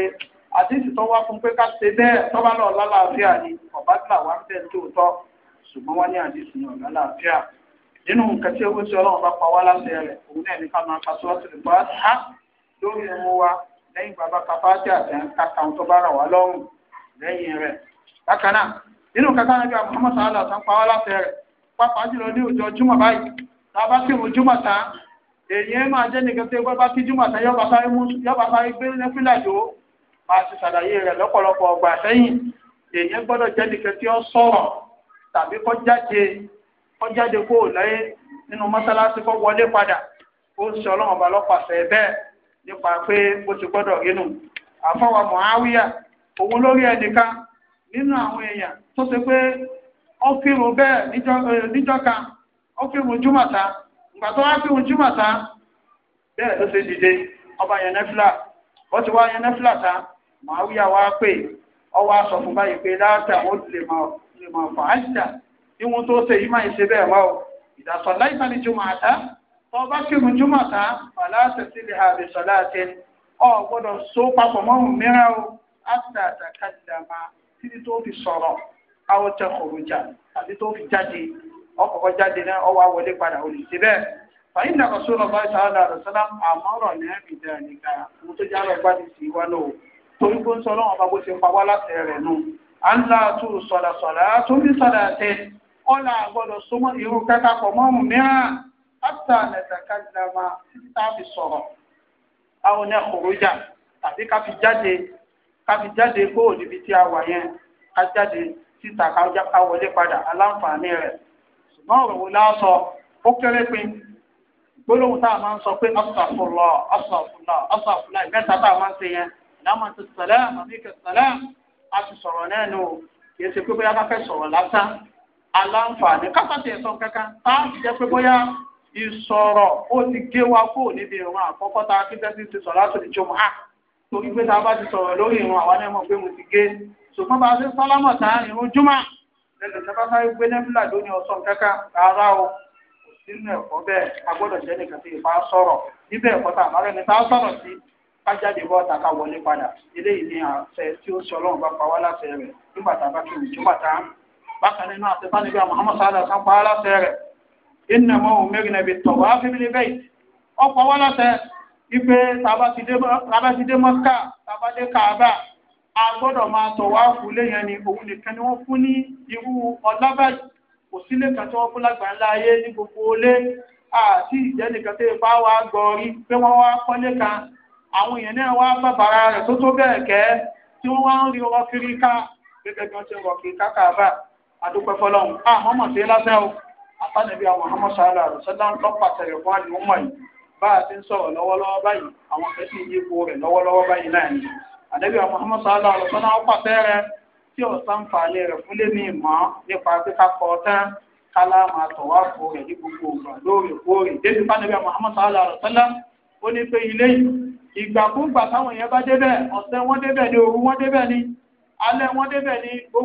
àdéhùn tó wá fún pé ká ṣe bẹ́ẹ̀ tọ́ba náà lálàáfíà ni ọ̀bá tí làwọn ń bẹ̀ tóòtọ́ ṣùgbọ́n wọ́n ní àdéhùn náà lálàáfíà nínú nǹkan tí owó tí ọlọ́run bá pa wá láṣẹ rẹ̀ òun náà lẹ́yìn bàbá kapáṣẹ́ àti kàkà tó bá rà wá lọ́rùn lẹ́yìn rẹ̀ bákan náà nínú kàkà náà bí i Muhammad sallallahu alaihi wasallam pa wá láti rẹ̀ pápá jùlọ ní ọjọ́ júmọ̀ báyìí tá a bá kí wọn júmọ̀ tán èèyàn máa jẹ́ nìkan tó bá bá kí júmọ̀ tán yọba sáré gbé lẹ́fílà jò máa ti ṣàlàyé rẹ̀ lọ́pọ̀lọpọ̀ ọgbà sẹ́yìn èèyàn gbọ́dọ̀ jẹ́ nìkan tí ó sọ̀rọ̀ nípa pé ó ti gbọ́dọ̀ rínú àfọwọ́ mọ̀háwíyà òun lórí ẹnìkan nínú àwọn èèyàn tó ṣe pé ó kírun bẹ́ẹ̀ níjọ́ ó kírun júmọ̀ta ìgbà tó wá kírun júmọ̀ta bẹ́ẹ̀ ṣe dìde ọba yẹn bó ti wá yẹn ta mọ̀háwíyà wá pè ọ wá sọ fún báyìí pé láàtà níwọ̀n tó ṣe yìí máa ṣe bẹ́ẹ̀ láìpẹ́ ní àtá ọba kírun júmọ̀ tán fàlà àtẹ̀sílẹ̀ àbẹ̀ sọ̀lá àtẹ ọ gbọ́dọ̀ so papọ̀ mọ́rùn mìíràn o àtà àtàkàdàmà títí tó fi sọ̀rọ̀ àwọn tẹ kòròjà àti tó fi jáde ọkọ̀ọ̀kọ̀ jáde náà ọwọ́ àwọlé padà ò lè ṣe bẹ́ẹ̀ fàyín náà kò sóra bá sàrà àrùsálà àmọ́rọ̀ ní àbìdá nìkan mo tó jáde ọgbà ti sì wá lò torí pé ń sọ lọ́wọ́ ọba bó ti pa wá sọmọ irú kẹta pọ̀ mọ́rùn mìíràn hátà nàìjíríà títí tá a fi sọ̀rọ̀ àwọn ní ọ̀rọ̀jà tàbí ká fi jáde ká fi jáde kó o níbi tí a wà yẹn ká jáde síta ká wọlé padà aláǹfààní wo láàsọ ó kéré pin gbólóhùn tá a máa ń sọ pé asàfùlọ asàfùlọ asàfùlọ ìmẹ́ta tá a máa ń ṣe yẹn ìdáhùn àti sàlẹ́m àmíkẹ́ sàlẹ́m a ti sọ̀rọ̀ náà nù kìí ṣe pé bóyá ká fẹ́ sọ̀rọ̀ lásán aláǹfààní kápá tiẹ̀ sọ kankan tá a ti jẹ́ ìsọ̀rọ̀ ó ti gé wa kó níbi ìrún àkọ́kọ́ tá a ti tẹ́sí ti sọ̀rọ̀ láti a bá ti sọ̀rọ̀ lórí ìrún àwa náà pé mo ti gé ṣùgbọ́n bá a ṣe sálámọ̀ tá a ìrún lẹ́nu tí a sáré gbé nẹ́fìlà rárá o kò ẹ̀kọ́ bẹ́ẹ̀ a gbọ́dọ̀ jẹ́ nìkan tí ìfà sọ̀rọ̀ níbẹ̀ ẹ̀kọ́ sọ̀rọ̀ sí bọ́ ni àṣẹ tí ó ṣe ọlọ́run bá pa wá ìnàmọ́ òmìnirin bí tọ̀wọ́ áfíbílì bẹ́ẹ̀ ọ̀pọ̀ wọn lọ́sẹ̀ ipe tabaside mọ́ká tabade kaaba a gbọ́dọ̀ máa tọ̀wọ́ àfúlé yẹn ni òun nìkan ni wọ́n fún ní irú ọlábàjì kò sílé kan tí wọ́n fún lágbàá ńlá ayé ní gbogbo olé àti ìjẹ́ nìkan tó bá wa gbọ́rí pé wọ́n wá kọ́lé kan àwọn èèyàn náà wá bàbàrà rẹ̀ tó tó bẹ̀rẹ̀ kẹ́ tí wọ́n wá ń rí ọkiri ká gẹ́gẹ́ bí wọ́n ká kaaba àdúpẹ́ fọlọ́run àwọn ọmọ sí lásán o àtànàbí àwọn ọmọọṣà aláàrùn sọdá ń lọ́pàá tẹ̀lé fún àdìmọ́mọ́ yìí bá a ti ń sọ̀rọ̀ lọ́wọ́lọ́wọ́ báyìí àwọn fẹ́ sì yípo rẹ̀ lọ́wọ́lọ́wọ́ báyìí náà ni àdàbí àwọn ọmọọṣà aláàrùn sọdá ń pàṣẹ rẹ tí ò sàǹfààní rẹ̀ fún lémi mọ́ nípa pípa kọ́ tán kálá máa tọ̀ rẹ̀ ní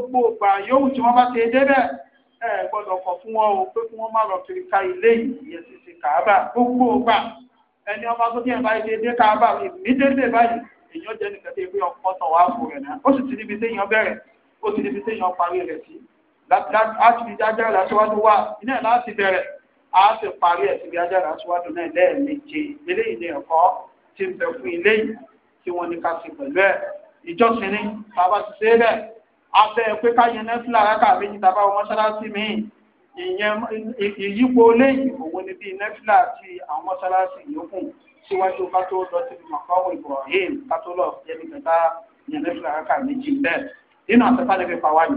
gbogbo ògbà ẹ gbọ́dọ̀ kọ̀ fún wọn o pé kí wọ́n má lọ kiri ká ilé ìyẹn ti ṣe kàábà gbogbo gbà ẹni ọba tó díẹ̀ báyìí dédé kàábà ìmídédé báyìí èèyàn jẹ́ nìkan tó yẹ pé ọkọ̀ tàn wá fò rẹ̀ náà ó sì ti níbi téèyàn bẹ̀rẹ̀ ó ti níbi téèyàn parí rẹ̀ sí láti fi jájára lásìwájú wá iná láti bẹ̀rẹ̀ á sì parí ẹ̀ síbi jájára lásìwájú náà lẹ́ẹ̀mejì eléyìí ni ẹ̀kọ́ ti ń bẹ fún ilé yìí tí wọ́n ní ká sí pẹ̀lú ẹ̀ ìjọsìn ni bàbá ti abẹ́ pé káyọ̀ nẹ́fìlà rákà méjì tàbá mọ́ṣáláṣí mi ìyẹn ìyípo léyìí òun ni bíi nẹ́fìlà àti àwọn mọ́ṣáláṣí yòókù síwájú ká tó lọ sí mọ̀kánwó Ibrahim ká tó lọ jẹ́ nígbà tá ìyẹn nẹ́fìlà méjì bẹ́ẹ̀ nínú àtẹ́fà níbi pàwá ni.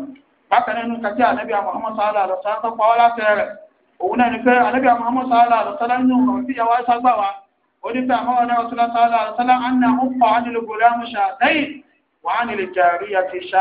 bákan nínú kàtí ànábì Muhammad sàálà àlọ́sá tó pa ọ́ láti rẹ̀ òun náà ni pé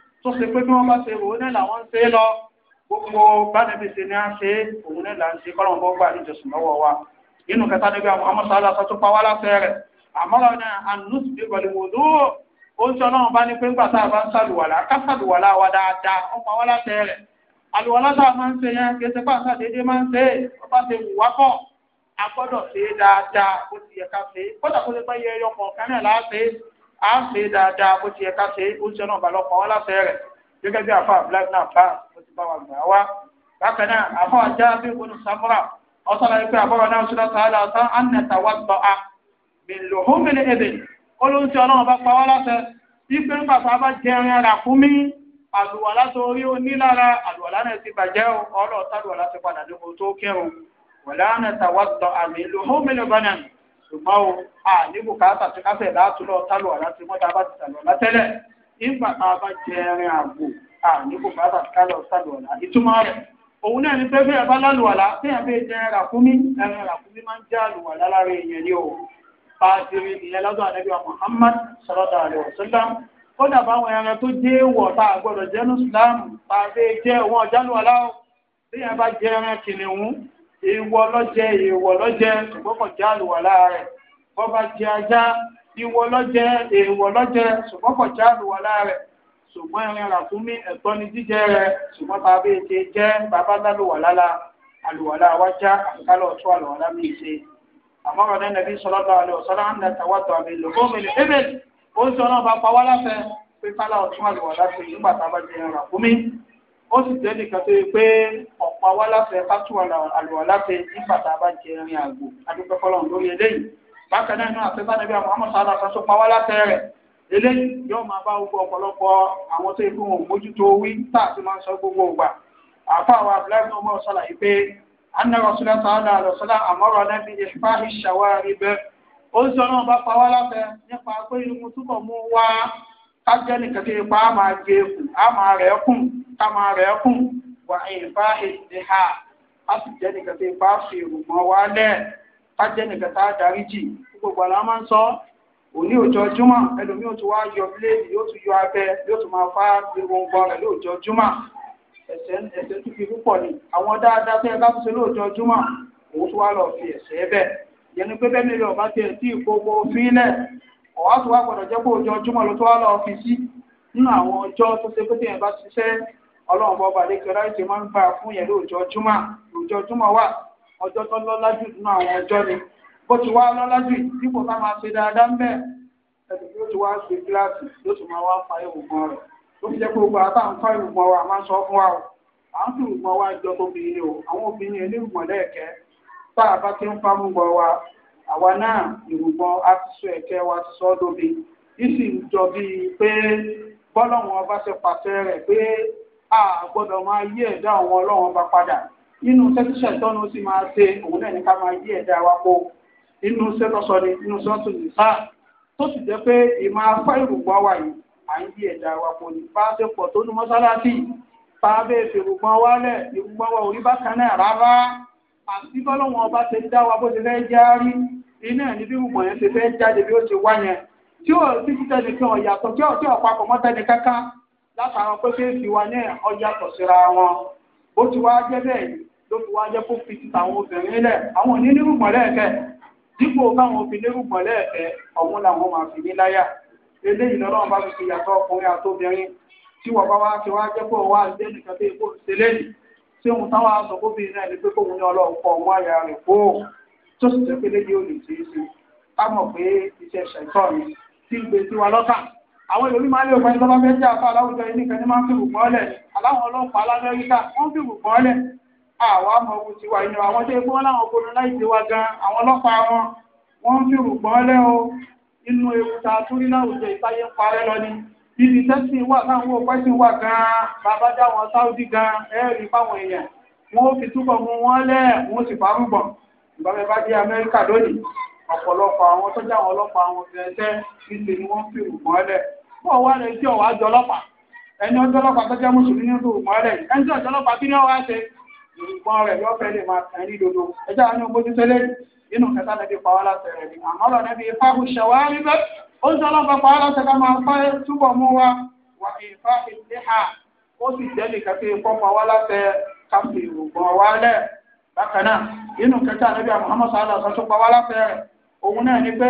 tó ṣe pé bí wọ́n bá ṣe òun náà làwọn ń ṣe é lọ gbogbo bánẹ́bí ṣe ni a ń ṣe òun náà là ń ṣe kọ́lọ̀ bọ́ gbà níjọsìn lọ́wọ́ wa nínú kẹta níbi àwọn amọ́sálà sọ́tún pa wá láfẹ́ rẹ̀ àmọ́ náà anúṣù bí pẹ̀lú wòlú ó ń sọ náà bá ní pé ńgbà tá a bá ń ṣàlùwàlá ká ṣàlùwàlá wa dáadáa ó pa wá láfẹ́ rẹ̀ àlùwàlá tá a máa ń ṣe yẹn kí ẹsẹ̀ pàṣẹ déédéé máa ń ṣe é ó bá é dáadáa ó ti yẹ ká ṣe é kó lè pẹ́ yẹ ẹyọ kọ̀ọ̀kan náà láṣẹ a ń ṣe dáadáa bó ti yẹ ká ṣe náà wọn láṣẹ rẹ̀ gẹ́gẹ́ bí àfa náà bá ti bá gbà wá. bákan náà àfa bí samura àbọ̀rọ̀ náà ṣúná gbọ́ a bìlù húmìnì èdè olóńtì ọlọ́run bá pa wá láṣẹ bàbá bá ara fún mi àlùwàlá tó rí o ọlọ́ọ̀tà ṣùgbọ́n o a ní bùkátà tí kásẹ̀ láàtú lọ tálù àlá tí wọ́n dábàá ti tàlù ọ̀la tẹ́lẹ̀ nígbà tá a bá jẹ ẹrin àgbò a ní bùkátà tí kálọ̀ tálù ọ̀la ìtumọ̀ rẹ̀ òun náà ní pẹ́ẹ́fẹ́ ẹ̀ bá lálù àlá téèyàn bẹ́ẹ̀ jẹ ẹrin àkúmí ẹrin àkúmí máa ń jẹ́ àlù àlá lára èèyàn ni o bá ìyẹn lọ́dọ̀ àdẹ́bíwá Muhammad sallallahu alaihi wasallam kódà báwọn ẹran tó jẹ́ wọ̀ tá a gbọ́dọ̀ jẹ́ nù sùlámù tá a bẹ́ẹ̀ jẹ́ òun ọ̀jálù àlá o téèyàn bá jẹ ẹran kìnìún èèwọ̀ lọ́jẹ́ èèwọ̀ lọ́jẹ́ ṣùgbọ́n kò já àlùwàlá rẹ̀ bọ́ba jẹ ajá ìwọ lọ́jẹ́ èèwọ̀ lọ́jẹ́ ṣùgbọ́n kò já àlùwàlá rẹ̀ ṣùgbọ́n ẹran ràkúnmí ẹ̀tọ́ ni jíjẹ rẹ̀ ṣùgbọ́n bàbá ètè jẹ́ bàbá lálùwàlá la àlùwàlá wa já àkàlọ̀ ọ̀tún àlùwàlá mi ṣe. àmọ́ ọ̀rọ̀ náà nàbí sọlọ́dọ̀ àlẹ́ ọ̀sọ́lá ń dàtà wà tó àmì lòkó mi lè ébè ó ń sọ náà bá pa wá láfẹ́ ó sì jẹ́ nìkan tó yẹ pé ọ̀pọ̀ àwa láfẹ́ pátú àlùwà láfẹ́ nígbà tá a bá jẹ ẹrin àgbò adúpẹ́ fọlọ́run lórí eléyìí bákan náà náà àfẹ́ sáré bí àwọn amọ̀sá aláṣà tó pa wá láfẹ́ rẹ̀ eléyìí yóò máa bá gbogbo ọ̀pọ̀lọpọ̀ àwọn tó yẹ kí wọn mójútó wí tá a ti máa ń sọ gbogbo ìgbà àfa àwọn abdullahi náà mọ̀ sálàyé pé anna rasulillah sallallahu alaihi wasallam amara nabi ihfahi shawarib ó sọ náà bá pa wá láfẹ́ nípa pé irun túbọ̀ mú wá ká jẹ́ nìkan tó yẹ pa á máa gé e kù á máa rẹ̀ kùn ká máa rẹ̀ kún wà ha a sì jẹ́ nìkan tó ipá fi ìrùmọ̀ wá lẹ̀ ká jẹ́ nìkan tá a darí jì gbogbo àlá máa ń sọ òní òjò ẹlòmí ò tún wá yọ yóò tún yọ abẹ yóò tún máa fá gbogbo rẹ̀ lóòjọ́ ẹ̀sẹ̀ ẹ̀sẹ̀ tún fi púpọ̀ ni àwọn dáadáa tó yẹ ká tún ṣe lóòjọ́ òun tún wá lọ fi ẹ̀sẹ̀ pé bẹ́ẹ̀ tiẹ̀ tí ìkókó ọlọ́run bọ́ bàdé kẹrẹ́ ìṣe máa ń gbà fún yẹn lóòjọ́ júmọ́ lóòjọ́ júmọ́ wà ọjọ́ tó lọ́lá jù nínú àwọn ọjọ́ ni bó ti wá lọ́lá jù dípò ká máa ṣe dáadáa ń bẹ̀ ẹ̀sìn yóò ti wá ṣe gíláàsì yóò sì máa wá fa ìwògbọ́n rẹ̀ ló fi jẹ́ pé gbogbo àtà ń fa ìwògbọ́n wa máa ń sọ fún wa o à ń fi ìwògbọ́n wa jọ tóbi ni o àwọn obìnrin ẹni ìwògbọ́n lẹ́ẹ̀kẹ́ tá a bá ti ń fa ìwògbọ́n wa àwa náà ìwògbọ́n a ti sọ ẹ̀kẹ́ wa ti sọ ọ́ dóbi ìsì ń jọ bíi pé bọ́lọ́wọ́n ọba ṣe pàṣẹ rẹ̀ pé a gbọ́dọ̀ máa yí ẹ̀dá òun ọlọ́run bá padà nínú sẹ́tíṣẹ̀ tọ́nu sì máa ṣe òun náà ní ká máa yí ẹ̀dá wa kó inú sẹ́tọ̀sọ ni inú sọ́tù ní sáà tó sì jẹ́ pé ìmọ̀ afá ìrùgbọ́n wa yìí à ń yí ẹ̀dá wa kó ní bá a ṣe pọ̀ tó ní mọ́sálásì bá a bẹ́ẹ̀ fi ìrùgbọ́n wa lẹ̀ ìrùgbọ́n wa ò rí bákan náà rárá àti bọ́lọ́wọ́n ọba ṣe dá wa bó ṣe fẹ́ járí iná ní bí ìrùgbọ̀n yẹn ṣe fẹ́ jáde bí ó ṣe wá yẹn tí ó ti títẹ́ látara pé kéèsì wa náà ọjà tọ̀ síra wọn bó ti wá jẹ́ bẹ́ẹ̀ ló fi wá jẹ́ kó fi ti tàwọn obìnrin lẹ̀ àwọn òní nírùgbọ̀n lẹ́ẹ̀kẹ́ dípò káwọn obìnrin nírùgbọ̀n lẹ́ẹ̀kẹ́ ọ̀hún làwọn máa fi ní láyà eléyìí lọ́nà bá fi yàtọ̀ ọkùnrin àtobìnrin tí wọ́n bá wá ti wá jẹ́ pé òun àti ẹnìkan tó yẹ kó ṣe lẹ́yìn tí òun táwọn aṣọ kóbìnrin náà ní pé kóun ní ọlọ́run pọ̀ òun àyà rẹ̀ kó tó sì jẹ́ pé àwọn ìlú máa lé ọkùnrin tọ́lá fẹ́ jẹ́ àfa aláwùjọ yìí nìkan ní máa ń fi rùpọ̀ ọ́lẹ̀ aláwọn ọlọ́pàá alámẹ́ríkà wọ́n fi rùpọ̀ ọ́lẹ̀ àwa mọ ohun tiwa inú àwọn tó yẹ kó wọn láwọn ọgbọnú láì gan àwọn ọlọ́pàá wọn wọ́n fi rùpọ̀ ọ́lẹ̀ o inú ewu ta torí láwùjọ ìtayé ń parẹ́ lọ ni ibi tẹ́sìn wà táwọn òpẹ́sìn wà gan-an bàbá dá wọn sáúdí gan-an ẹ̀rí fáwọn èèyàn wọn ó fi túbọ̀ mú wọn lẹ̀ ọ̀pọ̀lọpọ̀ àwọn tó jáwọn ọlọ́pàá wọn fẹ́ẹ́ tẹ́ níṣẹ́ ni wọ́n fi rùpọ̀ ọ́lẹ̀ bọ̀ wá lè tí ọ̀wá jọ ọlọ́pàá ẹni ọjọ́ ọlọ́pàá tó jẹ́ mùsùlùmí ní ọdún mọ́ rẹ̀ ẹni tí ọjọ́ ọlọ́pàá kí ni ọwá ṣe ìgbọ́n rẹ̀ yọ fẹ́ lè máa tẹ̀rí dodo ẹjọ́ àwọn ọmọ ojú tẹ́lẹ̀ inú kẹta lẹ́bi pàwọ́ láti rẹ̀ ni àmọ́ lọ lẹ́bi ifá kò ṣẹ̀wá rí bẹ́ ó ń sọlọ́pàá pàwọ́ láti ká máa fẹ́ túbọ̀ mú wa wà ìfá ìléhà ó sì jẹ́ nìkan tí ikọ́ pàwọ́ láti káfí ìrògbọ̀n wa lẹ̀ bákan náà inú kẹta lẹ́bi àmọ́ sọ́lọ́pàá pàwọ́ láti rẹ̀ òun náà ni pé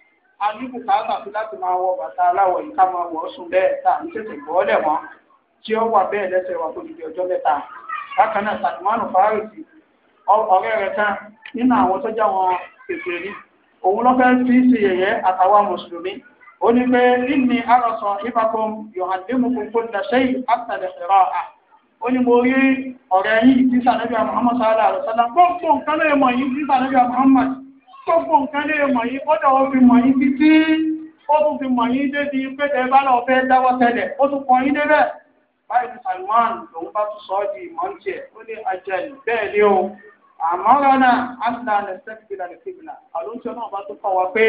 a ní bùkátà sí láti máa wọ bàtà aláwọ̀ yìí ká máa wọ̀ ọ́ sùn tá à ń tètè bọ́ lẹ̀ wọ́n tí ó wà bẹ́ẹ̀ lẹ́sẹ̀ wà tó dìde ọjọ́ mẹ́ta bákan náà Salmanu Farisi ọ̀rẹ́ rẹ̀ kan nínú àwọn tó já wọn pèsè rí òun ló fẹ́ fi ṣe yẹ̀yẹ́ àtàwọn mùsùlùmí ó ní pé arọ̀sọ yìí gbogbo nǹkan lè mọ̀ yí ó dẹ̀wọ́ fi mọ̀ yí títí ó tún fi mọ̀ yí débi pé tẹ bá lọ fẹ́ dáwọ́ tẹlẹ̀ ó tún pọ̀ yín débẹ̀ báyìí ní Salman lòun bá tún sọ ọ́ di ìmọ̀ǹtì ẹ̀ ó ní ajẹ́lì bẹ́ẹ̀ ni o àmọ́ rọ́nà àtúndà nẹ́sẹ̀kìlà nẹ́sẹ̀kìlà àlóńtì náà bá tún kọ́ wa pé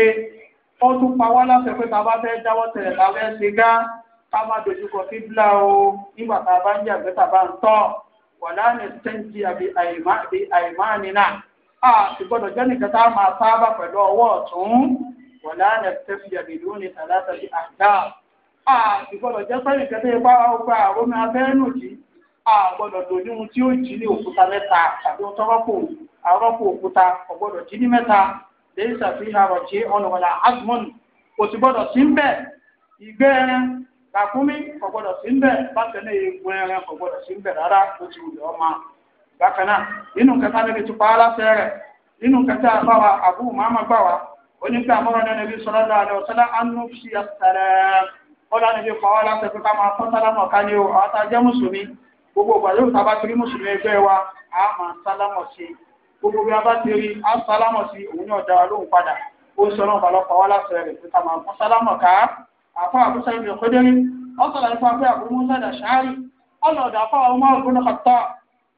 ó tún pa wá láṣẹ pé tá a bá fẹ́ dáwọ́ tẹlẹ̀ la fẹ́ ṣe gá ká má dojúkọ kíbla o nígbà tá a bá ń jẹ́ àgbẹ̀ tá a bá ń tọ́ wọ̀lá nẹ́sẹ̀ńtì àbí àìmánì àti gbọ́dọ̀ jẹ́ nìkan tá a máa sábà pẹ̀lú ọwọ́ ọ̀tún wọ̀lá rẹ̀ tẹ́fì àbìlú ní tàlátà sí àgbà àti gbọ́dọ̀ jẹ́ pẹ́lú ìkẹta ipá ọgbà àrómi abẹ́rẹ́nù jí àgbọ́dọ̀ tó ní ohun tí ó jí ní òkúta mẹ́ta tàbí tọ́rọ́pò àrọ́pò òkúta ọ̀gbọ́dọ̀ jí ní mẹ́ta lẹ́yìn ṣàfihàn ọ̀rọ̀ jí ọ̀nàwọ̀lá asmọ́nù kò sì gbọ́dọ̀ sí ń bẹ̀ ìgbẹ́ ẹran làkúnmí kò gbọ́dọ̀ sí ń bẹ̀ bákan náà eegun ẹran kò gbọ́dọ̀ sí ń bẹ̀ rárá ó ti wù lọ́ọ́ máa bákan náà nínú kẹta níbi tó pa á láṣẹ rẹ̀ nínú kẹta àbáwa àbú màmá gbà wá onígbà mọ́rọ̀ náà níbi sọ̀rọ̀ lọ àlọ́ sọ́lá ánú fi àtàrẹ̀ ọ̀là níbi pa á láṣẹ pé ká máa fọ́ sálámù ọ̀ká ní o àwọn tá a jẹ́ mùsùlùmí gbogbo ìgbà yóò tábà ti rí mùsùlùmí ẹgbẹ́ wa á máa sálámù sí gbogbo bí a bá ti rí á sálámù sí òun yóò dára lóhùn padà ó sọ̀rọ̀ ọ̀pọ̀lọpọ̀ wá láṣẹ rẹ̀ pé ká máa fọ́ sálámù ká àfọ́ àbúṣe ìbí ọ̀kọ́dẹ́rí ọ̀sọ̀rọ̀ ìfọ̀ àbúrò mọ́sádà ṣáárì ọ̀nà ọ̀dà àfọ́ àwọn ọmọ ọ̀gbọ́n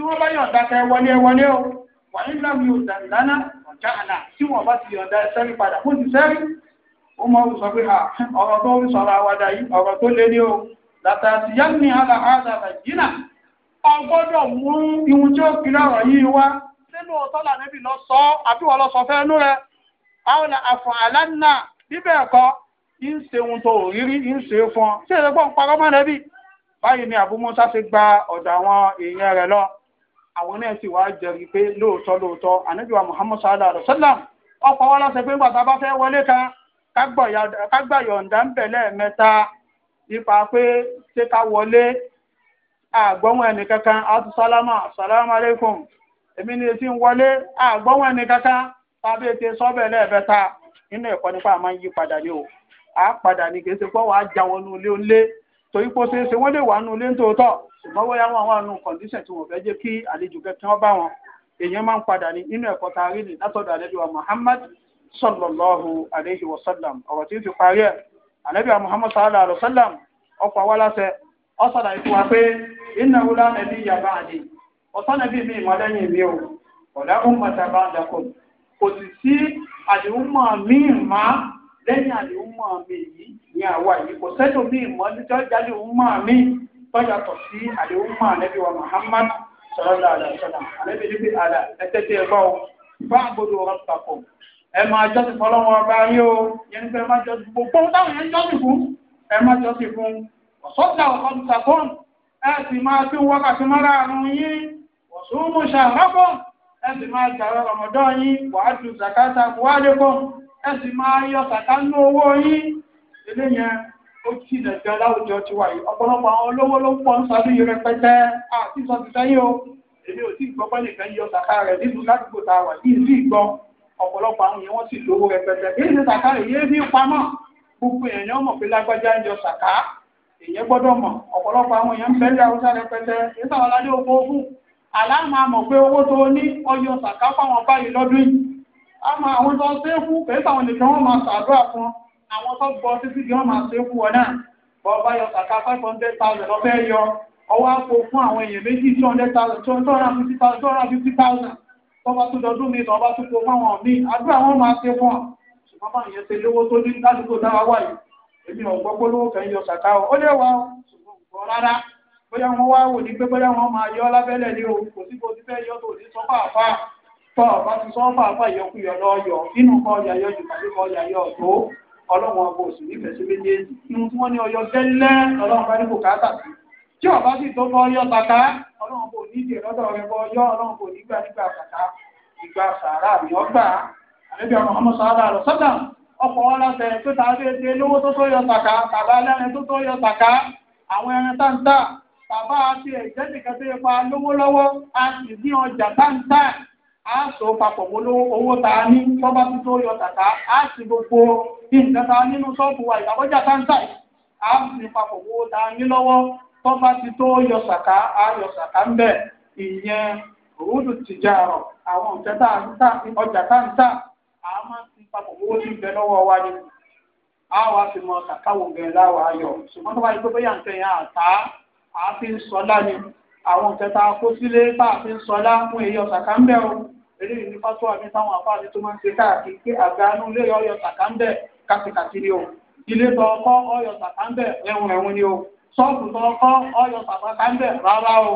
tí wọ́n bá yọ̀ǹda kẹ wọlé wọlé o wà ní láwùí òdàn lánà ọ̀já àná tí wọ́n bá ti yọ̀ǹda sẹ́rí padà fún ti sẹ́rí ó mọ sọ pé ha ọ̀rọ̀ tó ń sọ̀rọ̀ àwàdà yìí ọ̀rọ̀ tó lé ní o látàtì yá ní àlà àdà nàìjíríà ọgbọ́dọ̀ mú ihun tí báyìí ni àbúmọ́sá ti gba ọ̀dọ̀ àwọn èèyàn rẹ̀ lọ àwọn náà sì wá jẹrìí pé lóòótọ́ lóòótọ́ ànábì wa muhammad sallallahu alayhi wa sallam ọkọ̀ wa láṣẹ pé gbàtà bá fẹ́ wọlé kan kágbà yọ̀ǹda ń bẹ̀ lẹ́ẹ̀mẹ́ta ipa pé ṣé ká wọlé àgbọ̀wọ̀n ẹnìkankan àti sálámà assalamu alaikum èmi ni etí ń wọlé àgbọ̀wọ̀n ẹnìkankan tàbí ètè sọ́bẹ̀ lẹ́ẹ̀mẹ́ta nínú ẹ̀kọ́ nípa àmọ́ yí padà ní o àá padà ní kì í ṣe pé wàá já wọnú ilé ó lé torí pé ó ṣeé ṣe wọ́n lè wà nú ilé ń tòótọ́ ṣùgbọ́n wọ́n yá wọn àwọn àánú kọ̀ǹdíṣẹ̀ tí wọ́n fẹ́ jẹ́ kí àlejò kẹkẹ́ wọn bá wọn èèyàn máa ń padà ní nínú ẹ̀kọ́ tá rí ni látọ̀dọ̀ àlejò wa Muhammad sallallahu alayhi wa sallam ọ̀rọ̀ tí ó fi parí ẹ̀ àlejò Muhammad sallallahu alayhi wa sallam ọkọ̀ wa láṣẹ ó sọ̀rọ̀ ìfún wa pé iná wúlá nàbí yàrá àdé ọ̀sán nàbí mi ìmọ̀lẹ́yìn mi ò ọ̀dà ummata ba'dakum kò sì sí àdéhùnmọ̀ mi ìmá lẹ́yìn àdéhùnmọ̀ mi yìí ní àwa yìí kò sẹ́jọ́ mi ìmọ̀ níjọ́ jáde òun mọ̀ mi tọ́yàtọ̀ sí àlèhùnmọ́ ànẹ́bí wa Muhammad sallallahu alaihi wasallam ànẹ́bí ní pé àlà ẹ̀tẹ́tẹ́ ẹ̀gbọ́ o bá àgbòdo ọ̀rọ̀ papọ̀ ẹ máa jọ́sìn fọlọ́wọ́ ọba yín o yẹn fẹ́ máa jọ́sìn gbogbo táwọn yẹn jọ́sìn fún ẹ máa jọ́sìn fún ọ̀sọ́tà ọ̀kọ́ntàkùn ẹ sì máa fi ó ti nàìjíríà láwùjọ ti wà yìí ọ̀pọ̀lọpọ̀ àwọn olówó ló ń pọ̀ ń sáré yìí rẹpẹtẹ àti sọ ti sẹ́yìn o èmi ò tí ì gbọ́ pé nìkan yọ sàkà rẹ̀ nílùú ládùúgbò tá a wà yìí sí ìgbọ́ ọ̀pọ̀lọpọ̀ àwọn yẹn wọ́n sì lówó rẹpẹtẹ èyí ti sàkà rẹ̀ yéé ní pamọ́ gbogbo èèyàn mọ̀ pé lágbájá ń yọ sàkà èèyàn gbọ́dọ̀ mọ̀ ọ̀pọ̀lọpọ̀ àwọn èèyàn ń bẹ́ẹ̀ lé haúsá rẹpẹtẹ èyí sàwọn alálẹ́ owó fún aláàmà mọ̀ pé owó tó ní ọyọ sàkà fáwọn báyìí lọ́dún yìí àmọ́ àwọn tó ń sẹ́kù kẹ́sà àwọn nìkan wọ́n máa ṣàdúrà fún àwọn tó gbọ́ títí bí wọ́n máa ṣe fún ọ náà bọ́ọ̀bá yọ kàkà five hundred thousand lọ́fẹ́ yọ ọwọ́ àpò fún àwọn èèyàn méjì two hundred thousand two hundred and fifty thousand two hundred and fifty thousand tọ́ba tó dọdún mi tọ́ba tó kó fáwọn míì àdúrà wọn máa ṣe fún ọ ṣùgbọ́n báyìí yẹn ṣe lówó tó ní ládùúgbò dára wà yìí èmi ò gbọ́ pé lówó kan yọ kàkà ọ ó lè wà ó ṣùgbọ́n gbọ́ rárá bóyá wọn wá wò ní pé bóyá wọn máa yọ lábẹ́lẹ̀ ní o kò sí bó ti fẹ́ yọ tó ní sọ́fà àfà tọ́ ọ̀bá ti sọ́fà àfà ìyọkuyọ̀ lọ́ọ́ yọ nínú kọ́ ọ̀yà yọ jù tàbí kọ́ ọ̀yà yọ tó ọlọ́run ọgbọ òsì nífẹ̀ẹ́ sí méjèèjì irun tí wọ́n ní ọyọ gẹ́lẹ́ ọlọ́run bá ní kò káàtà sí tí ọba sì tó bọ́ ọyọ tàkà ọlọ́run kò ní ìdè lọ́dọ̀ rẹ bọ́ ọyọ ọlọ́run kò ní gbà nígbà tàkà ìgbà sàárà mi ọgbà àlejò àwọn ọmọ sàárà rẹ sọ́dà ọkọ̀ wọn láṣẹ tó ta dé dé lówó tó tó yọ tàkà bàbá ẹlẹ́rin tó a sọ papọ̀ owó ta ní tọ́ba tí tó yọ tàkà a sì gbogbo nǹkan ta nínú ṣọ́ọ̀bù wa ìtàkọ́jà a sì papọ̀ owó ta ní lọ́wọ́ tọ́ba tí tó yọ sàkà a yọ sàkà ń bẹ̀ ìyẹn òwúdù àwọn ọjà ta ọjà a máa ti papọ̀ owó tí bẹ lọ́wọ́ wa a wá fi mọ wò gẹ̀ láwa ayọ̀ ṣùgbọ́n tó bá yẹ pé yẹn a fi ń àwọn fi ń eléyìí ní fásitì àmì táwọn àfáàní tó máa ń ṣe káàkiri pé àga inú ilé ọyọ tàkà ń bẹ kàtìkàtì ni o ilé tó ọkọ ọyọ tàkà ń bẹ ẹ̀wọ̀n ẹ̀wọ̀n ni o ṣọ́ọ̀bù tó ọkọ ọyọ tàkà ń bẹ rárá o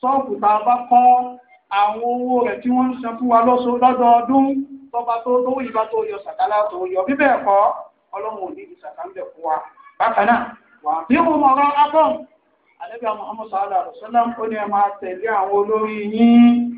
ṣọ́ọ̀bù tá a bá kọ́ àwọn owó rẹ̀ tí wọ́n ń san fún wa lọ́dọọdún tọba tó lówó ìbá tó yọ sàkálà tó yọ bíbẹ̀ ẹ̀kọ́ ọlọ́run ò ní ibi sàkà ń bẹ fún wa bákan náà wà á bí mo mọ̀ ọ́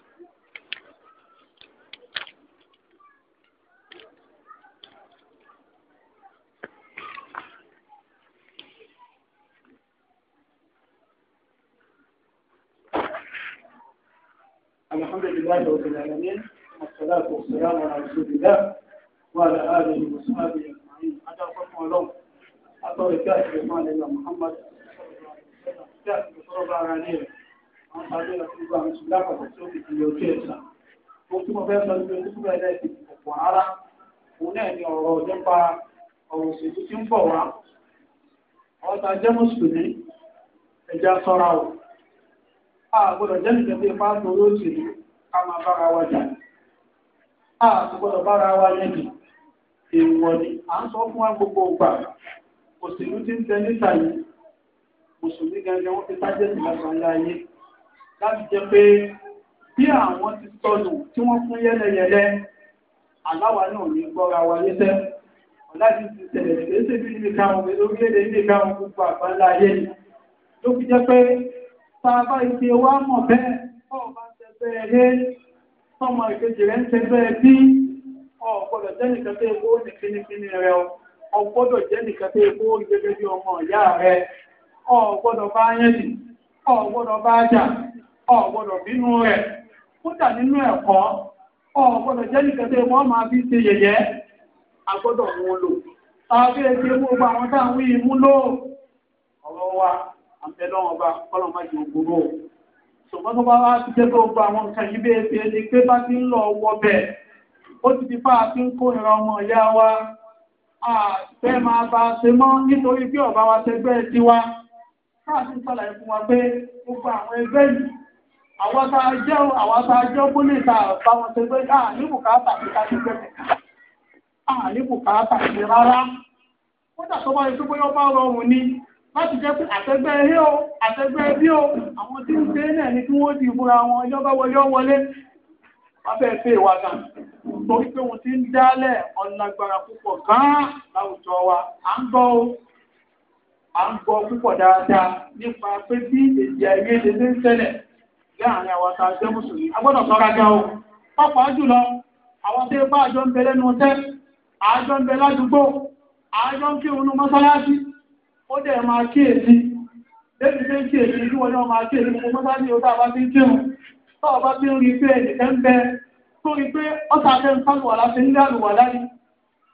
الحمد لله رب العالمين والصلاة والسلام على رسول الله وعلى آله وصحبه أجمعين أجر فكم لهم أطول كاتب إيمان إلى محمد كاتب صلى على نبيه àwọn sáré lọ sí gbogbo àwọn ìṣúná àpapọ̀ tí ó fi ti ojú ẹ̀sà tó tí mo fẹ́ sọ ní ojú kúrò ẹ̀dá ìsìn ọ̀pọ̀ rárá òun náà ni ọ̀rọ̀ nípa ọ̀rọ̀ òṣèlú tí ń bọ̀ wá ọ̀tá jẹ́ mùsùlùmí ẹja sọ́ra o àgbọ̀dọ̀ jẹ́ nìkan tí ipa tó ló ti rí ká máa bára wa jà àgbọ̀dọ̀ bára wa yẹ̀dì èèwọ̀ ni à ń sọ fún wa gbogbo ìgbà òṣèlú ti ń tẹ níta yìí mùsùlùmí gangan wọn ti tájẹ́ ìlàsàn ilé ayé láti jẹ́ pé bí àwọn ti sọnù tí wọ́n fún yẹ́lẹyẹ̀lẹ́ aláwa náà ní gbọ́ra wa yẹ́sẹ́ ọ̀láti ti tẹ̀lẹ̀ tẹ̀lẹ̀ sí ibi tàbá ìpè wá mọ̀ bẹ́ẹ̀ ọ̀bá tẹ́gbẹ́ ẹ̀rẹ́ tọmọ ìkejì rẹ̀ ń tẹ́gbẹ́ bí ọ̀gbọ́dọ̀ jẹ́ nìkan tó epo ní kínníkínní rẹ o ọ̀gbọ́dọ̀ jẹ́ nìkan tó epo gẹ́gẹ́ bí ọmọ ìyá rẹ ọ̀gbọ́dọ̀ bá yẹn nì ọ̀gbọ́dọ̀ bá jà ọ̀gbọ́dọ̀ bínú rẹ̀ kódà nínú ẹ̀kọ́ ọ̀gbọ́dọ̀ jẹ́ nìkan tó epo máa fi ṣe yẹ̀yẹ́ àgbọ́dọ̀ wọn lò tàbí ẹgbẹ́ gbogbo àwọn táwọn ìmúlò ọ̀rọ̀ wa àǹfẹ́ lọ́wọ́ bá kọ́lọ́mọ jù gbogbo o ṣùgbọ́n tó bá wá ti jẹ́ tó gba àwọn nǹkan yìí bẹ́ẹ̀ fi ẹni pé bá ti ń lọ wọ bẹ́ẹ̀ ó ti di fáà tí ń kó ìran ọmọ ìyá wa àfẹ́ máa bá a ṣe mọ́ nítorí bí ọ̀bá wa ṣẹgbẹ́ tiwa káàkiri sàlàyé fún wa pé gbogbo àwọn ẹgbẹ́ yìí àwọn tá a jẹ́ àwọn tá a jẹ́ gbólé ta bá wọn ṣẹgbẹ́ yìí àníbù káàtà sí ká ṣẹgbẹ́ nìkan àníbù káàtà sí rárá kódà tó bá yẹ pé bóyá ọba rọrùn ni láti jẹ́ pé àtẹ́gbẹ́ eré o àtẹ́gbẹ́ ẹbí o àwọn tí ń gbé náà ni kí wọ́n di ìbúra wọn ẹjọ́ bá wọlé wọlé abẹ́ ìfẹ́ wa kan torí pé wọ́n ti ń dálẹ̀ ọ̀nàgbára púpọ̀ gan-an láwùjọ wa à ń gbọ́ o à ń gbọ́ púpọ̀ dáadáa nípa pé bí èdè àìyedè ṣe ń ṣẹlẹ̀ láàrin àwọn tá a jẹ́ mùsùlùmí a gbọ́dọ̀ ṣọ́ra gan o pàápàá ó dẹ̀ máa kíyèsí débi pé kíyèsí kí wọ́n náà máa kíyèsí gbogbo mọ́tà ní ọ̀tá bá ti ń tó ọba bí ń rí pé ẹnìkẹ́ ń bẹ tó rí pé ọ̀tá fẹ́ ń sálùwà láti ń dàlùwà láyé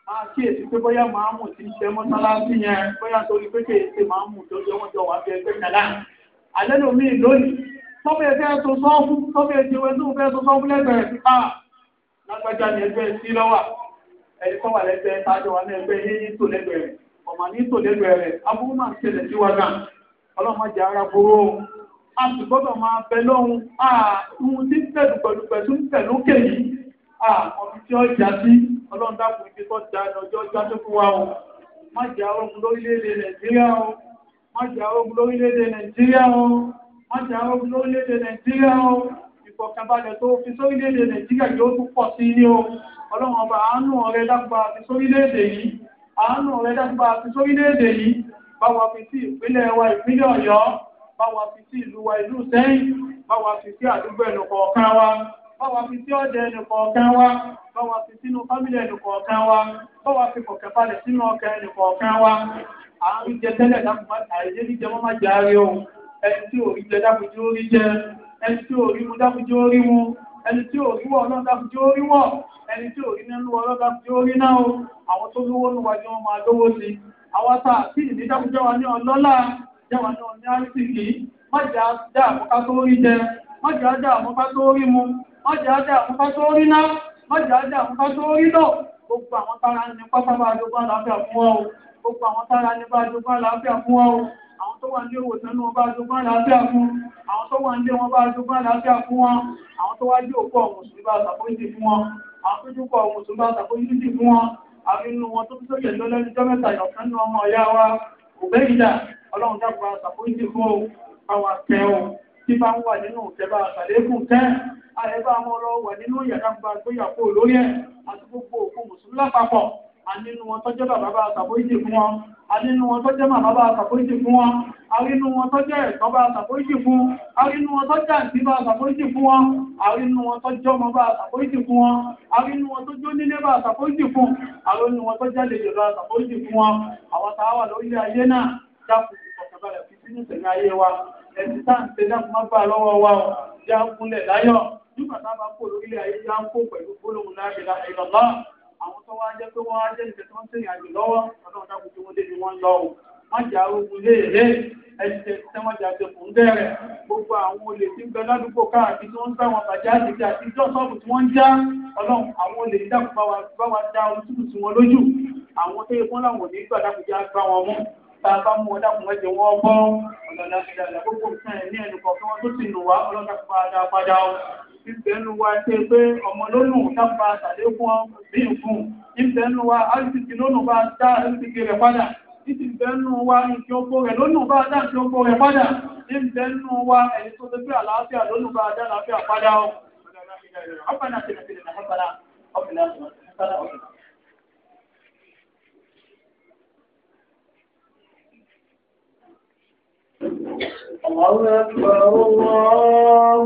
máa kíyèsí pé bóyá máa mú ti jẹ mọ́sálásí yẹn bóyá torí pé kéèké máa mú tó jẹ́ wọ́n jọ wà bí ẹgbẹ́ kẹlá alẹ́ lómi lónìí tọ́bẹ̀ fẹ́ tó sọ́ọ́fù tọ́bẹ̀ ti wẹ́ tó fẹ́ tó sọ́ọ́fù sí pa lágbájá ni ẹgbẹ́ sí lọ́wà ẹni tó wà lẹ́gbẹ̀ẹ́ tájọ wà lẹ́gbẹ̀ẹ́ yéyí tó lẹ́gbẹ̀ẹ́ ọmọ ní tòlẹ́gbẹ̀ẹ́ rẹ̀ aburú máa ń ṣẹlẹ̀ sí wa náà ọlọ́mọ jẹ́ ara burú ohun a sì gbọ́dọ̀ máa bẹ lọ́hun ààrùn tí pẹ̀lú pẹ̀lú pẹ̀lú pẹ̀lú kèyí àwọn tí ó jà sí ọlọ́run dákun ibi tó da ọjọ́ ọjọ́ tó fún wa o má jẹ́ arógun lórílẹ̀-èdè nàìjíríà o má jẹ́ lórílẹ̀-èdè nàìjíríà o má jẹ́ arógun lórílẹ̀ o ìfọ̀kànbalẹ̀ tó fi sórílẹ̀-èdè nàìjíríà yóò tún pọ̀ sí ní o ọlọ́run ọba àánú ọ̀rẹ́ dákun bá fi sórílẹ̀-èdè yìí àánú rẹ dájúbà fi sórílẹ̀-èdè yìí bá wà fi sí ìpínlẹ̀ ẹwà ìpínlẹ̀ ọ̀yọ́ bá wà fi sí ìlú wa ìlú sẹ́yìn bá wà fi sí àdúgbò ẹnì wa bá wà fi sí ọ̀dẹ wa bá fi sínú fámìlì wa bá fi kọ̀kẹ́ sínú wa àárín jẹ tẹ́lẹ̀ ẹni tí ò rí nínú ọlọ́dà tí ó rí náà o àwọn tó lówó ní wájú wọn máa lówó sí àwọn tá àti ìdíjáwájáwa ní ọlọ́lá jáwa ní ọ̀ní àrísìkì má jà á dá àmúká tó rí jẹ má jà á dá àmúká tó rí mu má jà á dá àmúká tó rí ná má jà á dá àmúká tó rí lọ gbogbo àwọn tára ní pátábá àdógbà láfíà fún ọ gbogbo àwọn tára ní bá àdógbà láfíà fún ọ àwọn tó wà ní òwòsàn ní wọn bá àdógbà fún àwọn tó wà ní wọn bá àdógbà fún wọn àwọn tó wá jẹ́ òkú ọ̀hún sí bá àtàkùn àfojúkọ̀ ohun tó bá tàkó yìí sí fún wọn àwọn inú wọn tó tó yẹ lọ́lẹ́nu jọ́ mẹ́ta ìyọ̀kan nínú ọmọ ìyá wa òbẹ́ ìdá ọlọ́run dákùnrin àtàkó yìí sí fún ọ àwọn akẹ́ ọ tí bá ń wà nínú ìtẹ́bà àtàlékùn tẹ́ àyẹ̀bá àwọn ọlọ́wà nínú ìyàrá gbàgbéyàwó lórí ẹ̀ àti gbogbo òkú mùsùlùmí lápapọ̀ a nínú wọn tó jẹ́ bàbá bá àtàkóyìí fún wọn a nínú wọn tó jẹ́ màmá bá àtàkóyìí fún wọn a nínú wọn tó jẹ́ ẹ̀tọ́ bá àtàkóyìí fún a nínú wọn tó jẹ́ àǹtí bá àtàkóyìí fún wọn a nínú wọn tó jẹ́ ọmọ bá àtàkóyìí fún wọn a nínú wọn tó jẹ́ onílé bá àtàkóyìí fún a nínú wọn tó jẹ́ àlejò bá àtàkóyìí fún wọn àwọn tàwa lórí ayé náà dákùn ìfọ̀kànbalẹ̀ fi sínú ìsẹ̀yìn ayé wa ẹ̀sìn tá à ń ṣe dákùn má gbà lọ́wọ́ wa ọ̀ jẹ́ àkúnlẹ̀ láyọ̀ nígbà tá a bá kó lórílẹ̀ ayé jẹ́ à ń kó pẹ̀lú gbólóhùn láàrin ìlọ́lá àwọn tó wá jẹ́ pé wọ́n á jẹ́ ìfẹ́ tó ń tẹ̀yìn àjò lọ́wọ́ ọlọ́run dákun tí wọ́n débi wọ́n lọ o e wọ́n jà ogun léèlé ẹ̀sẹ̀ tẹ́ wọ́n jà tẹ̀kù ń bẹ̀rẹ̀ gbogbo àwọn olè tí ń bẹ ládùúgbò káàkiri tí wọ́n ń bá wọn bàjẹ́ àti ìjọ sọ́ọ̀bù tí wọ́n ń já ọlọ́run àwọn olè dákun bá wa dá olùtútù sí wọn lójú àwọn tó yẹ kó láwọn ò gbà dákun já gbá wọn mú bàbá mú ọ dákun mẹ́jọ wọn bọ́ ọ̀lọ́dà gbogbo nǹkan ẹ̀ ní ẹnu kọ̀ọ̀kan tó ti nù wá ọlọ́dà padà padà ìfẹ́nu wa tẹ́ pé ọmọ lónù dápa àtàlékún bí nǹkan ìfẹ́nu wa alìsìkì lónù bá dá alìsìkì rẹ̀ padà ìfẹ́nu wa ìkí ọkọ rẹ̀ lónù bá dá ọkọ rẹ̀ padà ìfẹ́nu wa ẹ̀yìn tó tẹ́ pé àlàáfíà lónù bá dá àlàáfíà padà ọ. الله أكبر الله